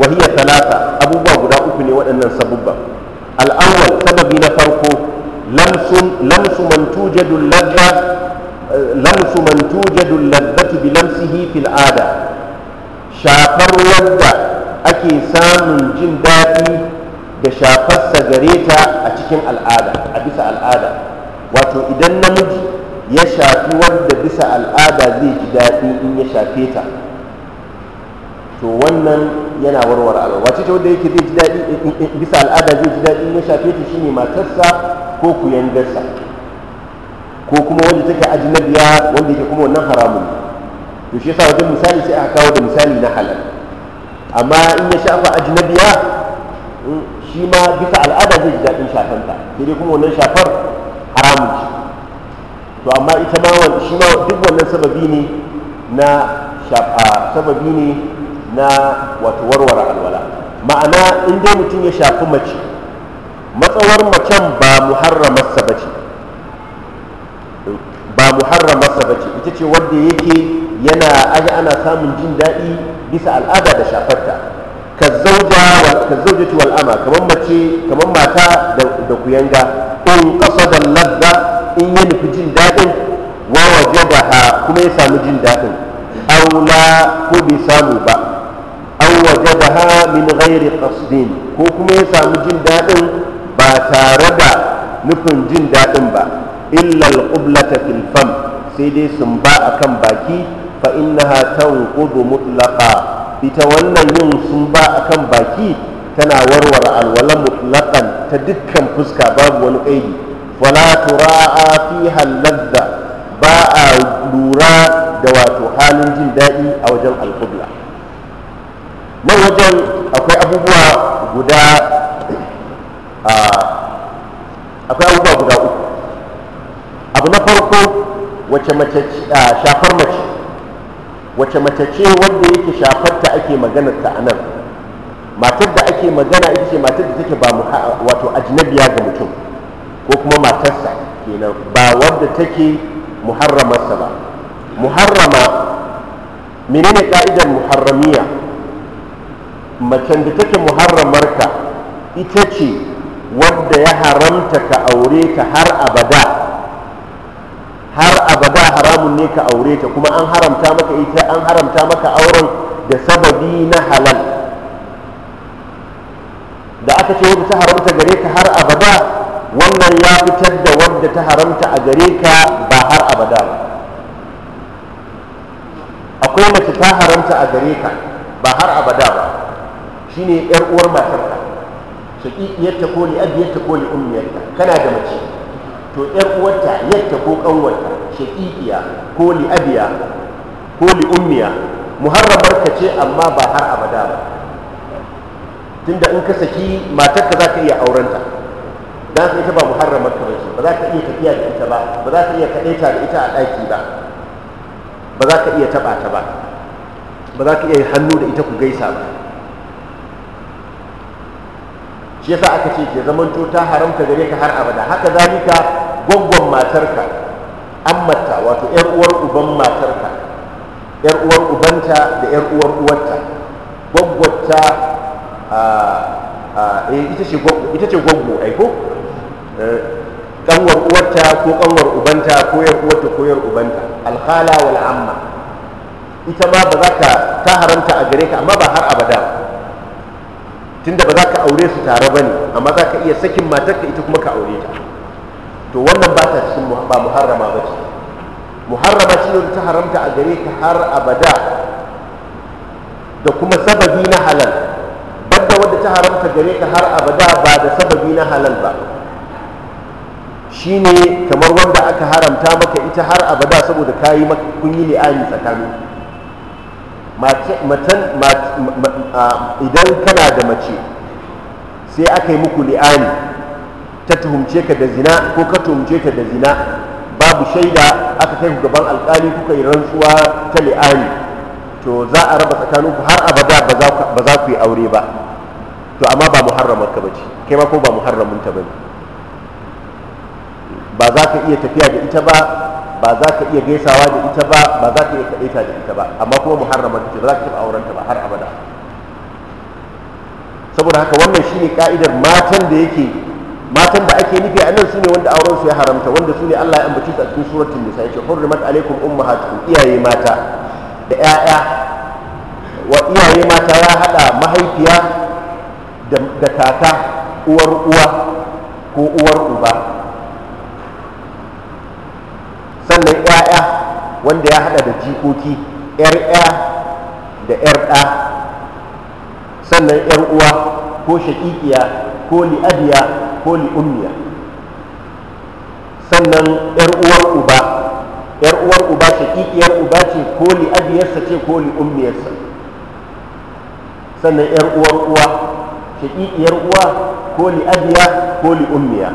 Speaker 1: wahiya talata abubuwa guda uku ne waɗannan sababba al'awwal sababi na farko lamsu man tujadu ladda eh, lamsu man tujadu laddatu bi lamsihi fil ada shafar wadda ake samun jin daɗi da shafarsa gare ta a cikin al'ada a bisa al'ada wato idan namiji ya shafi wadda bisa al'ada zai ji daɗi in ya shafe ta to wannan yana warware alwala wace ta wadda yake zai ji daɗi eh, eh, eh, bisa al'ada zai ji daɗi in ya shafe ta shine matarsa ko kuyangarsa ko kuma wanda take ajinabiya wanda yake kuma wannan haramun ne to shi yasa wajen misali sai aka kawo da misali na halal amma in ya shafa ajnabiya shi ma bisa al'ada zai ji daɗin shafanta sai dai kuma wannan shafar haramun ce to amma ita ma shi ma duk wannan sababi ne na shafa sababi ne na wato warware alwala ma'ana in dai mutum ya shafi mace matsawar macen ba muharramarsa ba ce ba muharramarsa ba ce ita ce wadda yake yana aji ana samun jin daɗi bisa al'ada da shafarta ka zauja wal wal'ama kamar mace kamar mata da kuyanga in da ladda in yi nufi jin daɗin da ha kuma ya samu jin daɗin aula ko bai samu ba aw ha min ghairi qasdin ko kuma ya samu jin daɗin ba tare da nufin jin daɗin ba illa al-qublata fil fam sai dai a kan baki fa innaha tanqudu mutlaqa ita wannan yin sun ba akan baki tana warware alwala mutlaqan ta dukkan fuska babu wani kaidi wala tura'a fiha ladda ba a lura da wato halin jin daɗi a wajen alqibla nan wajen akwai abubuwa guda akwai abubuwa guda uku abu na farko wacce mace shafar mace wace mace ce wanda yake shafarta ake maganar ta anan matar da ake magana ita ce matar da take ba wato ajnabiya ga mutum ko kuma matarsa kenan ba wanda take muharramarsa ba muharrama menene ka'idar muharramiya macen da take muharramarka ita ce wanda ya haramta ka aure ta har abada haramun ne ka aure ta kuma an haramta maka ita an haramta maka auren da sababi na halal da aka ce wadda ta haramta gare ka har abada wannan ya fitar da wadda ta haramta a gare ka ba har abada ba akwai mace ta haramta a gare ka ba har abada ba shine yar uwar matarka shaƙiƙiyarta ko li'abiyarta ko li'ummiyarta kana da mace to yar uwarta yadda ko ƙanwarta ƙiƙiya ko li'abiya ko li'ummiya muharramar ka ce amma ba har abada ba tunda in ka saki matarka za ka iya aurenta za ka ita ba muharramar ka bace ba za ka iya tafiya da ita ba ba za ka iya kaɗaita da ita a ɗaki ba ba za ka iya taɓa ta ba ba za ka iya hannu da ita ku gaisa ba shi yasa aka ce ke zamanto ta haramta gare ka har abada haka zalika gwaggon matarka ammata wato yar uwar uban matarka yar uwar ubanta da yar uwar uwarta gwaggwata eh, ita ce gwaggo aiko kanwar eh, uwarta ko kanwar ubanta ko yar uwarta ko yar ubanta alhala wal amma ita ma ba za ka ta haramta a gare ka amma ba har abada tunda ba za ka aure su tare ba ne amma za ka iya sakin matarka ita kuma ka aure ta to wannan ba ta cikin ba muharrama ba ce muharrama shi ne ta haramta a gare ka har abada da kuma sababi na halal banda wanda ta haramta gare ka har abada ba da sababi na halal ba shine kamar wanda aka haramta maka ita har abada saboda kayi maka kun yi li'ani tsakanin idan kana da mace sai aka yi muku li'ani ta tuhumce ka da zina ko ka tuhumce ta da zina babu shaida aka kai gaban alkali kuka yi rantsuwa ta li'ani to za a raba tsakaninku har abada ba za ku yi aure ba to amma ba muharramar ka bace kai ma ko ba muharramun ta bane ba za ka iya tafiya da ita ba ba za ka iya gaisawa da ita ba ba za ka iya ta da ita ba amma kuma muharramar ta ba za ka taɓa auren ta ba har abada saboda haka wannan shine ka'idar matan da yake matan da ake nufi a nan su ne wanda auren su ya haramta wanda su ne Allah ya ambaci su a cikin suratul nisa yace hurrimat alaikum ummahatukum iyaye mata da ƴaƴa wa iyaye mata ya hada mahaifiya da kaka uwar uwa ko uwar uba sannan ƴaƴa wanda ya hada da jikoki ƴar ƴa da ƴar ɗa sannan yar uwa ko shaƙiƙiya ko li'abiya ko li'ummiya sannan yar uwar uba yar uwar uba yar uba ce ko li'abiyarsa ce ko li'ummiyarsa sannan yar uwar uwa yar uwa ko li'abiya ko li'ummiya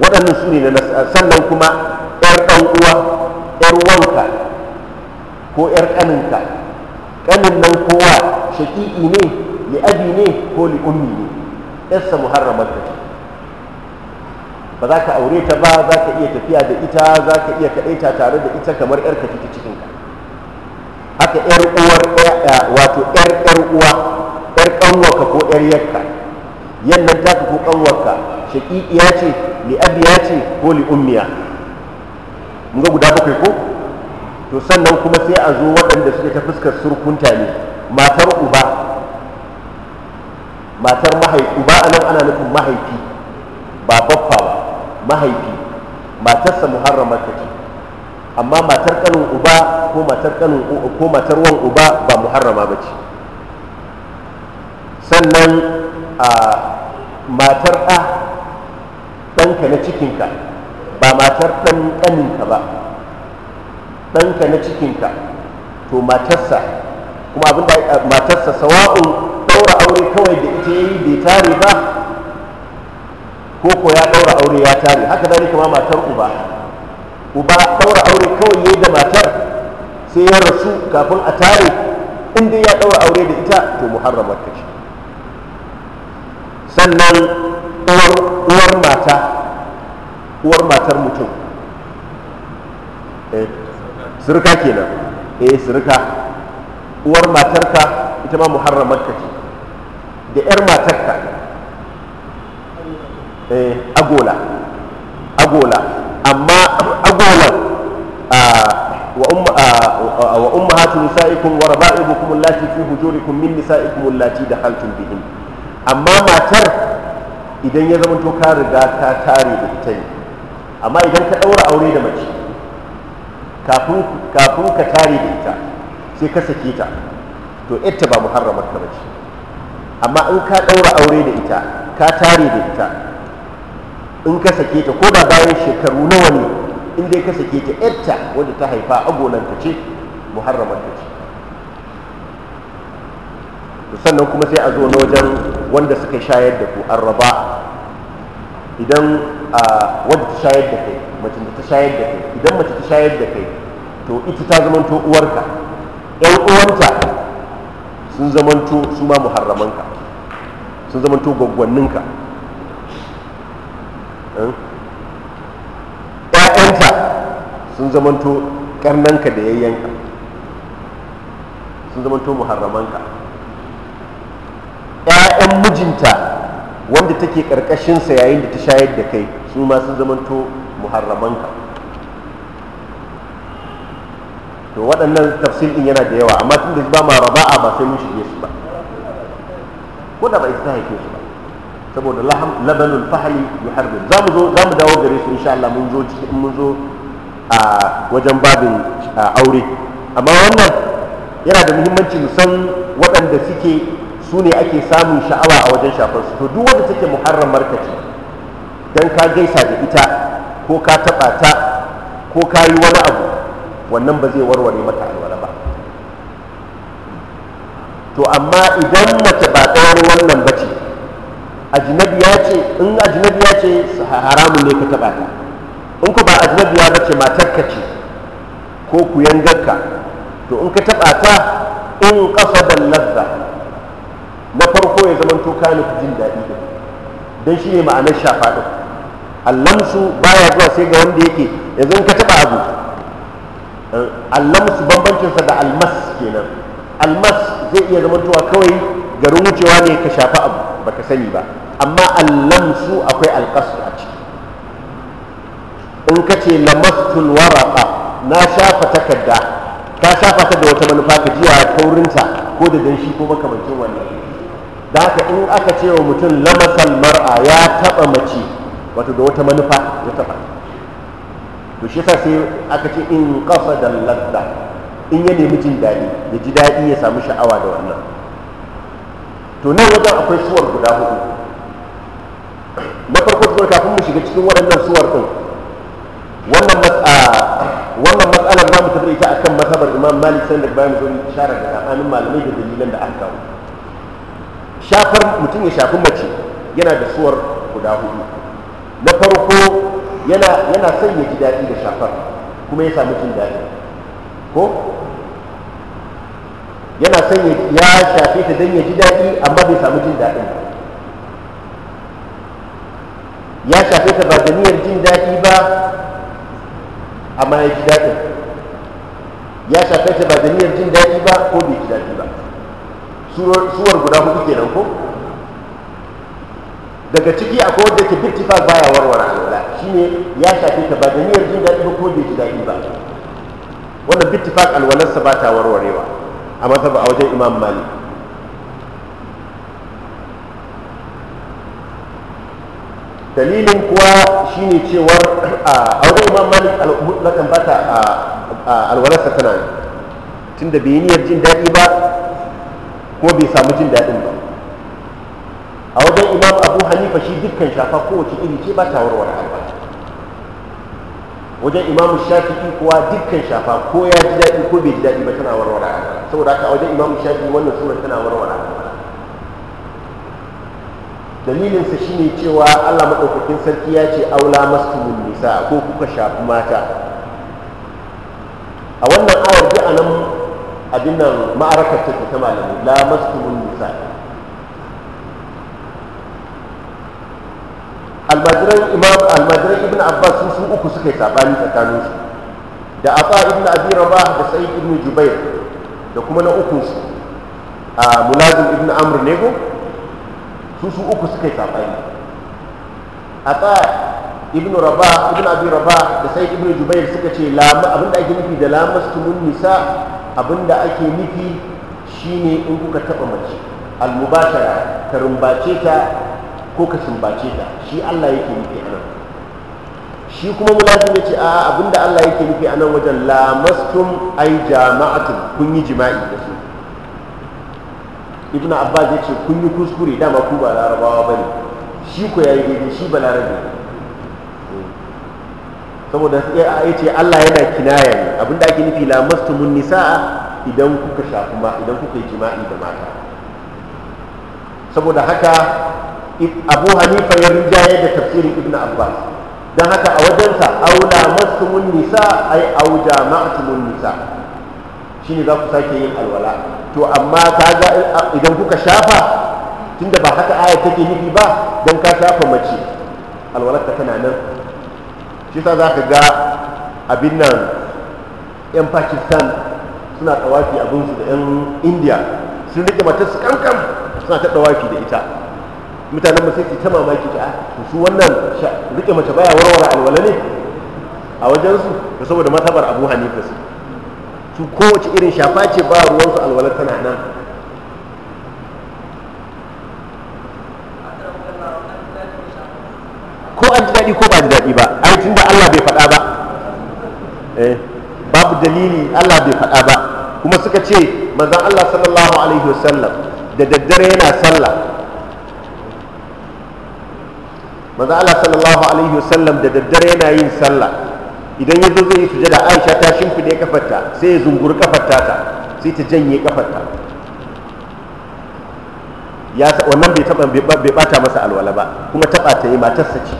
Speaker 1: waɗannan su ne na sannan kuma yar ɗan uwa yar wanka ko yar ƙaninka ƙanin nan kowa shaƙiƙi ne li'abi ne ko li'ummi ne yarsa muharramar ta ce ba za ka aure ta ba za ka iya tafiya da ita za ka iya kaɗaita tare da ita kamar ka ta cikin ka haka yar uwar wato yar yar uwa yar kanwarka ko yar yakka yannan ta ko kanwarka shaqiqiya ce li abiya ce ko li ummiya mun ga guda bakwai ko to sannan kuma sai a zo waɗanda suke ta fuskar surkunta ne matar uba matar mahaifi uba nan ana nufin mahaifi ba baffa ba mahaifi matarsa muharramar ta ce amma matar kanin uba ko matar kanin ko matar wan uba ba muharrama ba ce sannan a matar a ɗanka na cikinka ba matar ɗan ƙaninka ba ɗanka na cikinka to matarsa kuma abin da matarsa sawa'un ɗaura aure kawai da ita yi bai tare ba ko ko ya ɗaura aure ya tare haka da kuma matar uba uba ɗaura aure kawai yayi da matar sai ya rasu kafin a tare in dai ya ɗaura aure da ita to muharramar ta ce sannan uwar mata uwar matar mutum eh, sirka kenan eh sirka uwar matarka ita ma muharramarka ce da 'yar matarka eh, agola agola amma agola wa umma hatu nisa'ikum wa raba'ibukum allati fi hujurikum min nisa'ikum allati dakhaltum bihin amma matar idan ya zama to ka riga ka tare da ita ne amma idan ka daura aure da mace kafin kafin ka tare da ita sai ka sake ta to ita ba muharramar ka bace amma in ka ɗaura aure da ita ka tare da ita in ka sake ta ko da bayan shekaru nawa ne in dai ka sake ta yarta wadda ta haifa a agonanta ce muharramanta ce sannan kuma sai a zo na wajen wanda suka shayar da ku an raba idan wadda ta shayar da kai mace ta shayar da kai idan mace ta shayar da kai to ita ta zamanto uwarka yan uwanta sun zamanto su ma muharramanka sun zama to ka, eh? ƴaƴanta sun zama to ƙarnanka da yayyanka sun zama to muharramanka ƴaƴan mijinta wanda take ƙarƙashinsa yayin da ta shayar da kai su ma sun zama to muharramanka to waɗannan tafsir ɗin yana da yawa amma tun da ba ma raba'a ba sai mun shige su ba ko da ba ita ta haife shi ba saboda labanul fahali ya za mu za mu dawo gare su insha Allah mun zo cikin mun zo a wajen babin aure amma wannan yana da muhimmanci mu san waɗanda suke su ne ake samun sha'awa a wajen shafar su to duk wanda take muharramar ka ce dan ka gaisa da ita ko ka taɓa ta ko ka yi wani abu wannan ba zai warware mata to amma idan mace ba ɗayar wannan ba ce ajinabiya ce in ajinabiya ce haramun ne ka taɓa ta in ku ba ajinabiya ba ce ka ce ko ku yangarka to in ka taɓa ta in da lazza na farko ya zama toka ne ku jin daɗi da don shi ne ma'anar shafa ɗin allamsu baya zuwa sai ga wanda yake yanzu in ka taɓa abu eh, allamsu bambancinsa da almas kenan almas zai iya tuwa kawai garin wucewa ne ka shafi abu ba ka sani ba amma allamsu akwai alƙasu a ciki in ka ce lamastul waraka na shafa takarda ka shafa ta da wata manufa ka jiya taurinta ko da danshi ko makamancin wannan da haka in aka ce wa mutum lamasal mar'a ya taɓa mace wato da wata manufa ya taɓa to shi sa sai aka ce in kafa da ladda in ya nemi jin daɗi ya ji daɗi ya samu sha'awa da wannan to nan wajen akwai suwar guda hudu na farko suwar kafin mu shiga cikin waɗannan suwar ɗin wannan matsalar ma mu tafi ita a kan masabar imam malik sanda bayan zo shara da tsakanin malamai da dalilan da aka kawo shafar mutum ya shafi mace yana da suwar guda hudu na farko yana son ya ji daɗi da shafar kuma ya samu jin daɗi ko yana son ya shafe ta don ya ji daɗi amma bai samu jin daɗin ba ya shafe ta ba zaniyar jin daɗi ba amma ya ji daɗin ya shafe ta ba zaniyar jin daɗi ba ko bai ji daɗi ba suwar guda hudu kenan ko daga ciki akwai wadda ke bittifak baya warware shi ne ya shafe ta ba zaniyar jin daɗi ba ko bai ji daɗi ba wanda bittifak alwalarsa ba ta warwarewa a mazhab a wajen imam malik dalilin kuwa shine cewar a wajen imam malik mutlakan ba ta alwalarsa tana ne tunda bai niyyar jin daɗi ba ko bai samu jin daɗin ba a wajen imam abu hanifa shi dukkan shafa kowace iri ce ba ta warware wajen imamu shafi'i kuwa dukkan shafa ko ya ji daɗi ko bai ji daɗi ba tana warwara saboda haka wajen imamu shafi'i wannan sura tana dalilin dalilinsa shine cewa allah maɗaukakin sarki ya ce aula mastumin nisa ko kuka shafi mata a wannan ayar duk anan abin nan ma'arakar ta ta malamu la mastumin nisa almajiran imam ibn abbas su su uku suka yi sabani tsakanin su da afa ibn abi rabah da sai ibn jubair da kuma na uku su a mulazim ibn amr nego su su uku suka yi sabani afa ibn rabah ibn abi rabah da sai ibn jubair suka ce abinda ake nufi da lamastumun nisa abinda ake nufi shine in kuka taba mace almubashara rumbace ta ko ka sumbace ta shi Allah yake nufi a nan shi kuma mulazim ya ce a abinda Allah yake nufi a nan wajen lamastum ai jama'atun kun yi jima'i da su ibnu abbas ya ce kun yi kuskure dama ku ba larabawa ba ne shi ko yayi daidai shi ba ba saboda ya ce Allah yana kinaya ne abinda ake nufi lamastumun nisa'a idan kuka shafi ma idan kuka yi jima'i da mata saboda haka abu hanifa ya rinjaye da tafsirin ibn abbas don haka a wajensa aula mastumun nisa ai auja ma'atumun nisa shine za ku sake yin alwala to amma ka ga idan kuka shafa tunda ba haka aya take nufi ba don ka shafa mace alwalar tana nan shi sa za ka ga abin nan 'yan pakistan suna tsawafi abinsu da 'yan Indiya, sun rike matar su kankan suna ta tsawafi da ita mutanen masu ta mamaki ah, ta su wannan rike mace baya warware alwala ne a wajensu da saboda matabar abu hanifa su su kowace irin shafa ce ba ruwansu alwala tana nan ko an ji daɗi ko ba ji daɗi ba ai tun da allah bai faɗa ba eh, babu dalili allah bai faɗa ba kuma suka ce manzan allah sallallahu alaihi wasallam da daddare yana sallah manzo Allah sallallahu alaihi wasallam da daddare yana yin sallah idan ya zo zai yi sujada Aisha ta shimfide kafarta sai ya zunguri kafarta ta sai ta janye kafarta ya wannan bai taba bai bata masa alwala ba kuma taba ta yi matarsa ce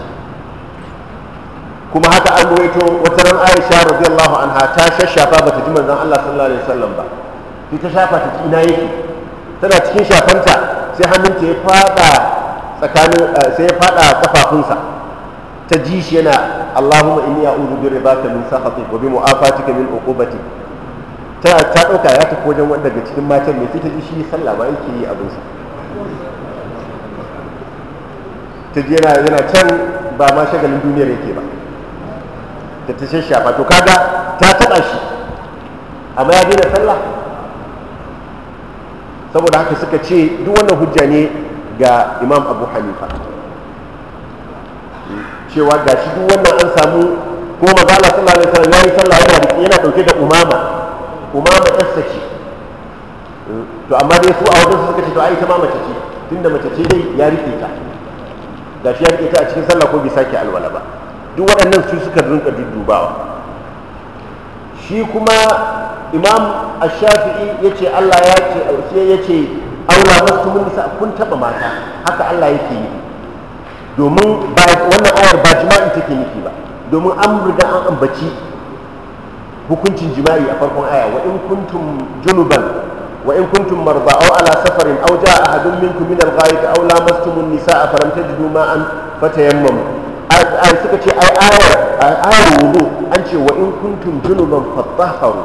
Speaker 1: kuma haka an ruwaito wata ran Aisha radiyallahu anha ta shashafa bata ji manzon Allah sallallahu alaihi wasallam ba sai ta shafa ta kina yake tana cikin shafanta sai hannunta ya fada tsakanin eh, sai ya fada kafafunsa ta ji shi yana Allahumma inni a'udhu bi ribaka min sakhati wa bi mu'afatika min uqubati ta ta dauka ya tafi wajen wanda daga cikin matan ne ta ji shi sallah ba yake yi abin sa ta ji yana yana can ba ma shagalin duniyar yake ba da ta shashafa to kaga ta taba shi amma ya daina sallah saboda haka suka ce duk wannan hujja ne ga imam abu hanifa hmm. cewa ga shi duk wannan an samu ko mazala sallallahu alaihi wasallam yayi sallah yana da yana dauke da umama umama yarsa ce hmm. to amma dai su a wajen su suka ce to ai ta ma mace ce tunda mace ce dai ya rike ta ga shi ya rike ta a cikin sallah ko bai sake alwala ba duk waɗannan su suka rinka duddubawa shi kuma imam ash-shafi'i yace Allah ya ce ya ce aula mun nisa kun taba mata haka Allah yake yi domin wannan ayar ba jima'i take nufi ba domin an riga an ambaci hukuncin jima'i a farkon aya wa in kuntum junuban wa in kuntum marda aw ala safarin aw jaa ahadun minkum min al-ghaib aw an nisaa falam tajidu ma'an fatayammamu ai suka ce ai ayar ayar wudu an ce wa in kuntum junuban fatahharu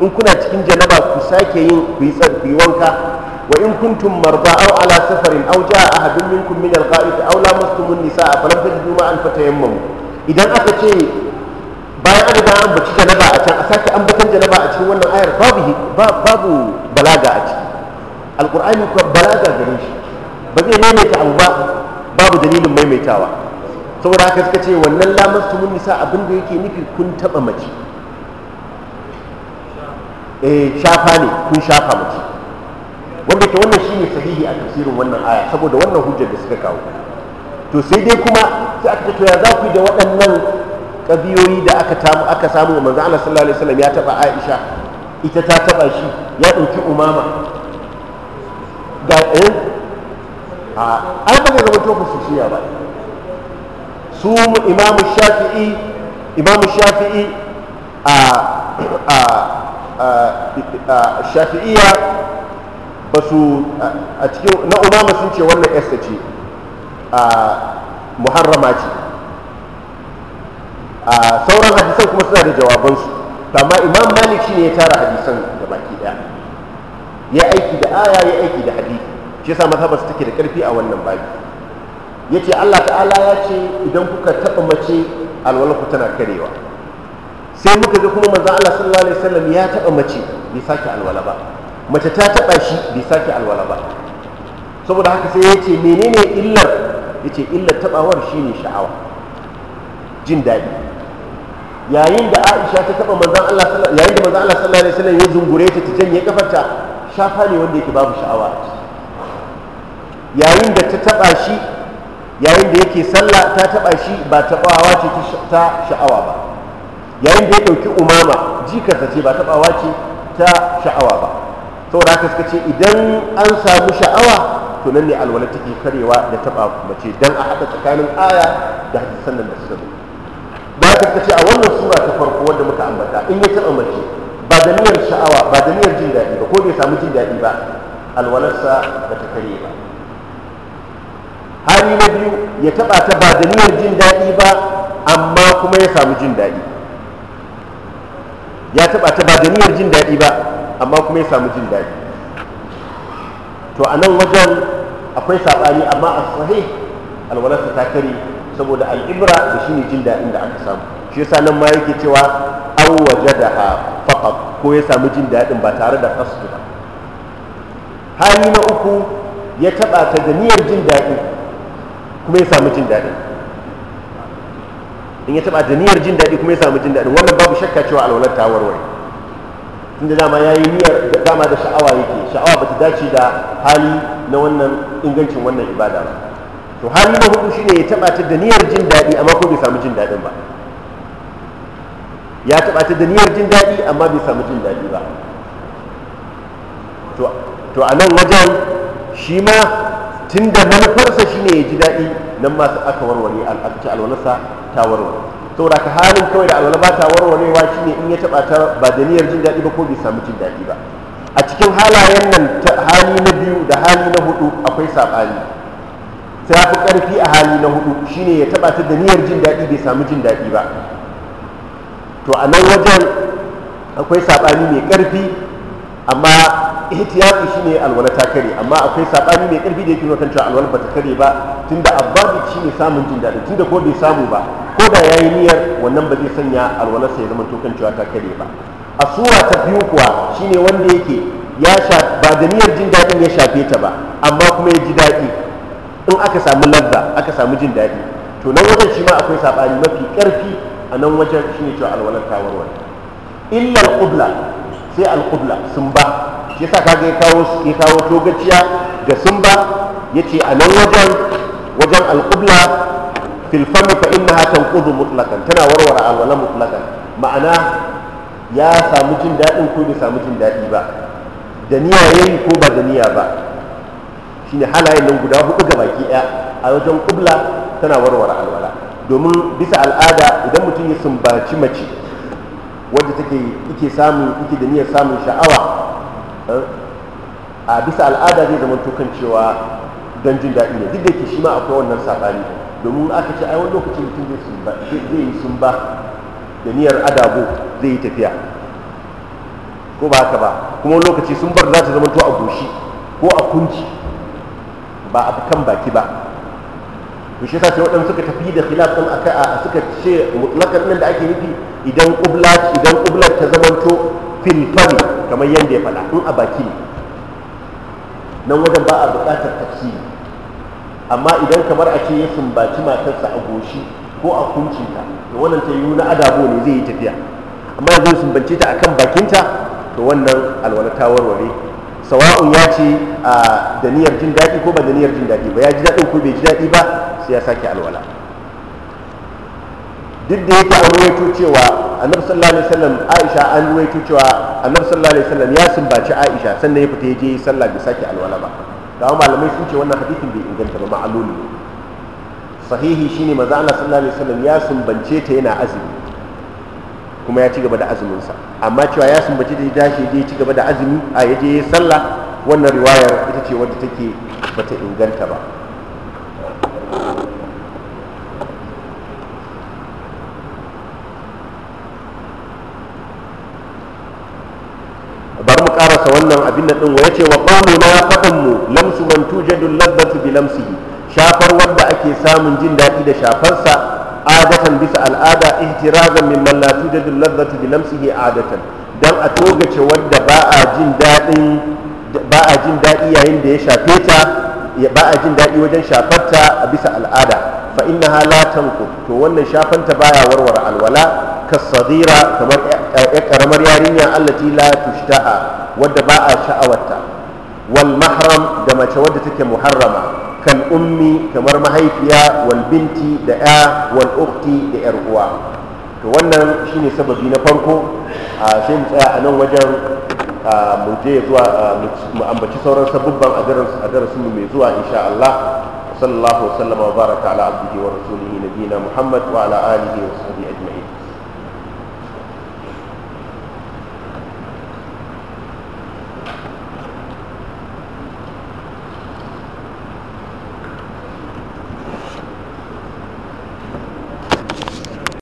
Speaker 1: in kuna cikin janaba ku sake yin ku yi wanka وإن كنتم مرضى أو على سفر أو جاء أحد منكم من الغائط أو لامستم النساء فلم تجدوا ماء فتيمموا إذا أتى bayan an riga an baci janaba a can a sake an batan janaba a cikin wannan ayar babu babu balaga a ciki alqur'ani kuwa balaga gare shi ba zai maimaita abu ba babu dalilin maimaitawa saboda haka suka ce wannan lamastumun nisa abin da yake nufi kun taba mace eh shafa ne kun shafa mace wanda ke wannan shine sahihi a tafsirin wannan aya saboda wannan hujjar da suka kawo to sai dai kuma sai aka ce ya za ku da waɗannan ƙabiyoyi da aka samu aka samu manzo Allah sallallahu alaihi wasallam ya taba Aisha ita ta taba shi ya ɗauki umama ga eh a an ba zama to ku shiya ba su imamu shafi'i Imam shafi'i a a a shafi'iyya Basu su a cikin na umama sun ce wannan yasta ce a muharrama ce a sauran hadisan kuma suna da jawabansu amma imam malik shi ne ya tara hadisan da baki daya ya aiki da aya ya aiki da hadisi shi yasa mazhabar su take da karfi a wannan babi ce Allah ta'ala ya ce idan kuka taba mace alwalanku tana karewa sai muka ga kuma manzan Allah sallallahu alaihi wasallam ya taba mace bai sake alwala ba mace ta taɓa shi bai sake alwala ba saboda haka sai ya ce menene illar ya ce illar taɓawar shine sha'awa jin daɗi yayin da aisha ta taɓa manzan allah yayin da manzan allah sallallahu alaihi wasallam ya zungure ta ta janye kafarta shafa ne wanda yake babu sha'awa yayin da ta taɓa shi yayin da yake sallah ta taɓa shi ba taɓawa ce ta sha'awa ba yayin da ya ɗauki umama jikarsa ce ba taɓawa ce ta sha'awa ba saboda haka suka ce idan an samu sha'awa to nan ne alwala take karewa da taba mace dan a haɗa tsakanin aya da hadisan nan da suka zo ba ta ce a wannan sura ta farko wanda muka ambata in ya taba mace ba da niyyar sha'awa ba da niyyar jin daɗi ba ko bai samu jin daɗi ba alwalarsa ba ta kare ba hali na biyu ya taba ta ba da niyyar jin daɗi ba amma kuma ya samu jin daɗi ya taba ta ba da niyyar jin daɗi ba amma kuma ya samu jin daɗi to a nan wajen akwai saɓani amma a sahi alwalarsa ta kare saboda al'ibra da shi ne jin daɗin da aka samu shi yasa nan ma yake cewa an waje da fafa ko ya samu jin daɗin ba tare da kasu ba hali na uku ya taɓa ta da niyyar jin daɗi kuma ya samu jin daɗin in ya taɓa da niyyar jin daɗi kuma ya samu jin daɗin wannan babu shakka cewa alwalar ta warware tunda dama ya yi niyyar dama da sha'awa yake sha'awa ba ta dace da hali na wannan ingancin wannan ibada ba to hali na hudu shine ya taba ta da niyyar jin daɗi amma ko bai samu jin daɗin ba ya taba ta da niyyar jin daɗi amma bai samu jin daɗi ba to a nan wajen shi ma tun da manufarsa shine ya ji daɗi nan ma aka warware al'akci alwalarsa ta warware Da ka halin kawai da alwala ba ta warwarewa shine in ya taba ta ba da niyyar jin daɗi ba ko bai samu jin daɗi ba a cikin halayen nan hali na biyu da hali na hudu akwai saɓani sai fi ƙarfi a hali na hudu shine ya taba ta da niyyar jin daɗi bai samu jin daɗi ba to a nan wajen akwai saɓani mai ƙarfi amma ihtiyati shine alwala ta kare amma akwai saɓani mai ƙarfi da yake nuna kan cewa alwala ba ta kare ba tunda abbabi shine samun jin daɗi tunda ko bai samu ba ko da ya yi niyyar wannan ba zai sanya alwalarsa ya zama tokan cewa ta kare ba a sura ta biyu kuwa shine wanda yake ya sha ba da niyyar jin daɗin ya shafe ta ba amma kuma ya ji daɗi in aka samu lazza aka samu jin daɗi to nan wajen shi ma akwai saɓani mafi ƙarfi a nan wajen shine cewa alwalar ta warware illa alƙubla sai alƙubla sun ba shi yasa kaga ya kawo ya kawo togaciya ga sun ba yace a nan wajen wajen alƙubla fil fami fa innaha kudu mutlaqan tana warware alwala mutlaqan ma'ana ya samu jin daɗin ko bai samu jin daɗi ba da niyya yayi ko ba da niyya ba shine halayen nan guda hudu ga baki ɗaya a wajen kubla tana warware alwala domin bisa al'ada idan mutum ya sumbaci mace wadda take yake samun yake da niyyar samun sha'awa eh, a bisa al'ada zai zama tukan cewa don jin daɗi ne duk da ke shi ma akwai wannan saɓani domin aka ce ai wani lokaci mutum zai yi sun ba da niyyar adabo zai yi tafiya ko ba haka ba kuma wani lokaci sun bar za ta zama to a goshi ko a kunci ba a kan baki ba to shi sai waɗanda suka tafi da khilaf din aka a suka ce mutlaqan nan da ake nufi idan qubla idan qubla ta zamanto fil fami kamar yanda ya faɗa in a baki nan wajen ba a buƙatar tafsiri amma idan kamar a ce ya sumbaci matarsa a goshi ko a kuncinta to wannan ta yiwu na adabo ne zai yi tafiya amma yanzu sumbance ta akan bakinta to wannan alwala ta warware sawa'un ya ce a daniyar jin daɗi ko ba da jin daɗi ba ya ji daɗin ko bai ji daɗi ba sai ya sake alwala duk da yake an ruwaito cewa nan sallallahu alaihi wasallam Aisha an ruwaito cewa nan sallallahu alaihi wasallam ya sumbaci Aisha sannan ya fita ya je sallah bai sake alwala ba da malamai sun ce wannan hadithin bai inganta ba ma'aluli sahihi shine manzo Allah sallallahu alaihi wasallam ya sumbance ta yana azumi kuma ya ci gaba da azumin sa amma cewa ya sumbace ta dashi je ci gaba da azumi a yaje sallah wannan riwayar ita ce wadda take bata inganta ba maka wannan abin nan din wa yace wa qalu la faqammu lamsu man tujadu al-ladatu bi lamsihi shafar wanda ake samun jin dadi da shafarsa adatan bisa al'ada ihtirazan mimman la tujadu al-ladatu bi lamsihi adatan dan a togace wanda ba a jin dadin ba a jin dadi yayin da ya shafe ta ba a jin dadi wajen ta a bisa al'ada fa innaha la tanqut to wannan shafanta baya warware alwala kasadira kamar karamar yarinya allati la tushtaha wadda ba a sha'awarta wal mahram da mace wadda take muharrama kan ummi kamar mahaifiya wal binti da ya wal ukhti da yar uwa to wannan shine sababi na farko sai mu tsaya a nan wajen mu je zuwa mu ambaci sauran sabubban a darasin mu mai zuwa insha Allah sallallahu alaihi wa sallam wa baraka ala abdihi wa rasulihi nabina Muhammad wa ala alihi wa sahbihi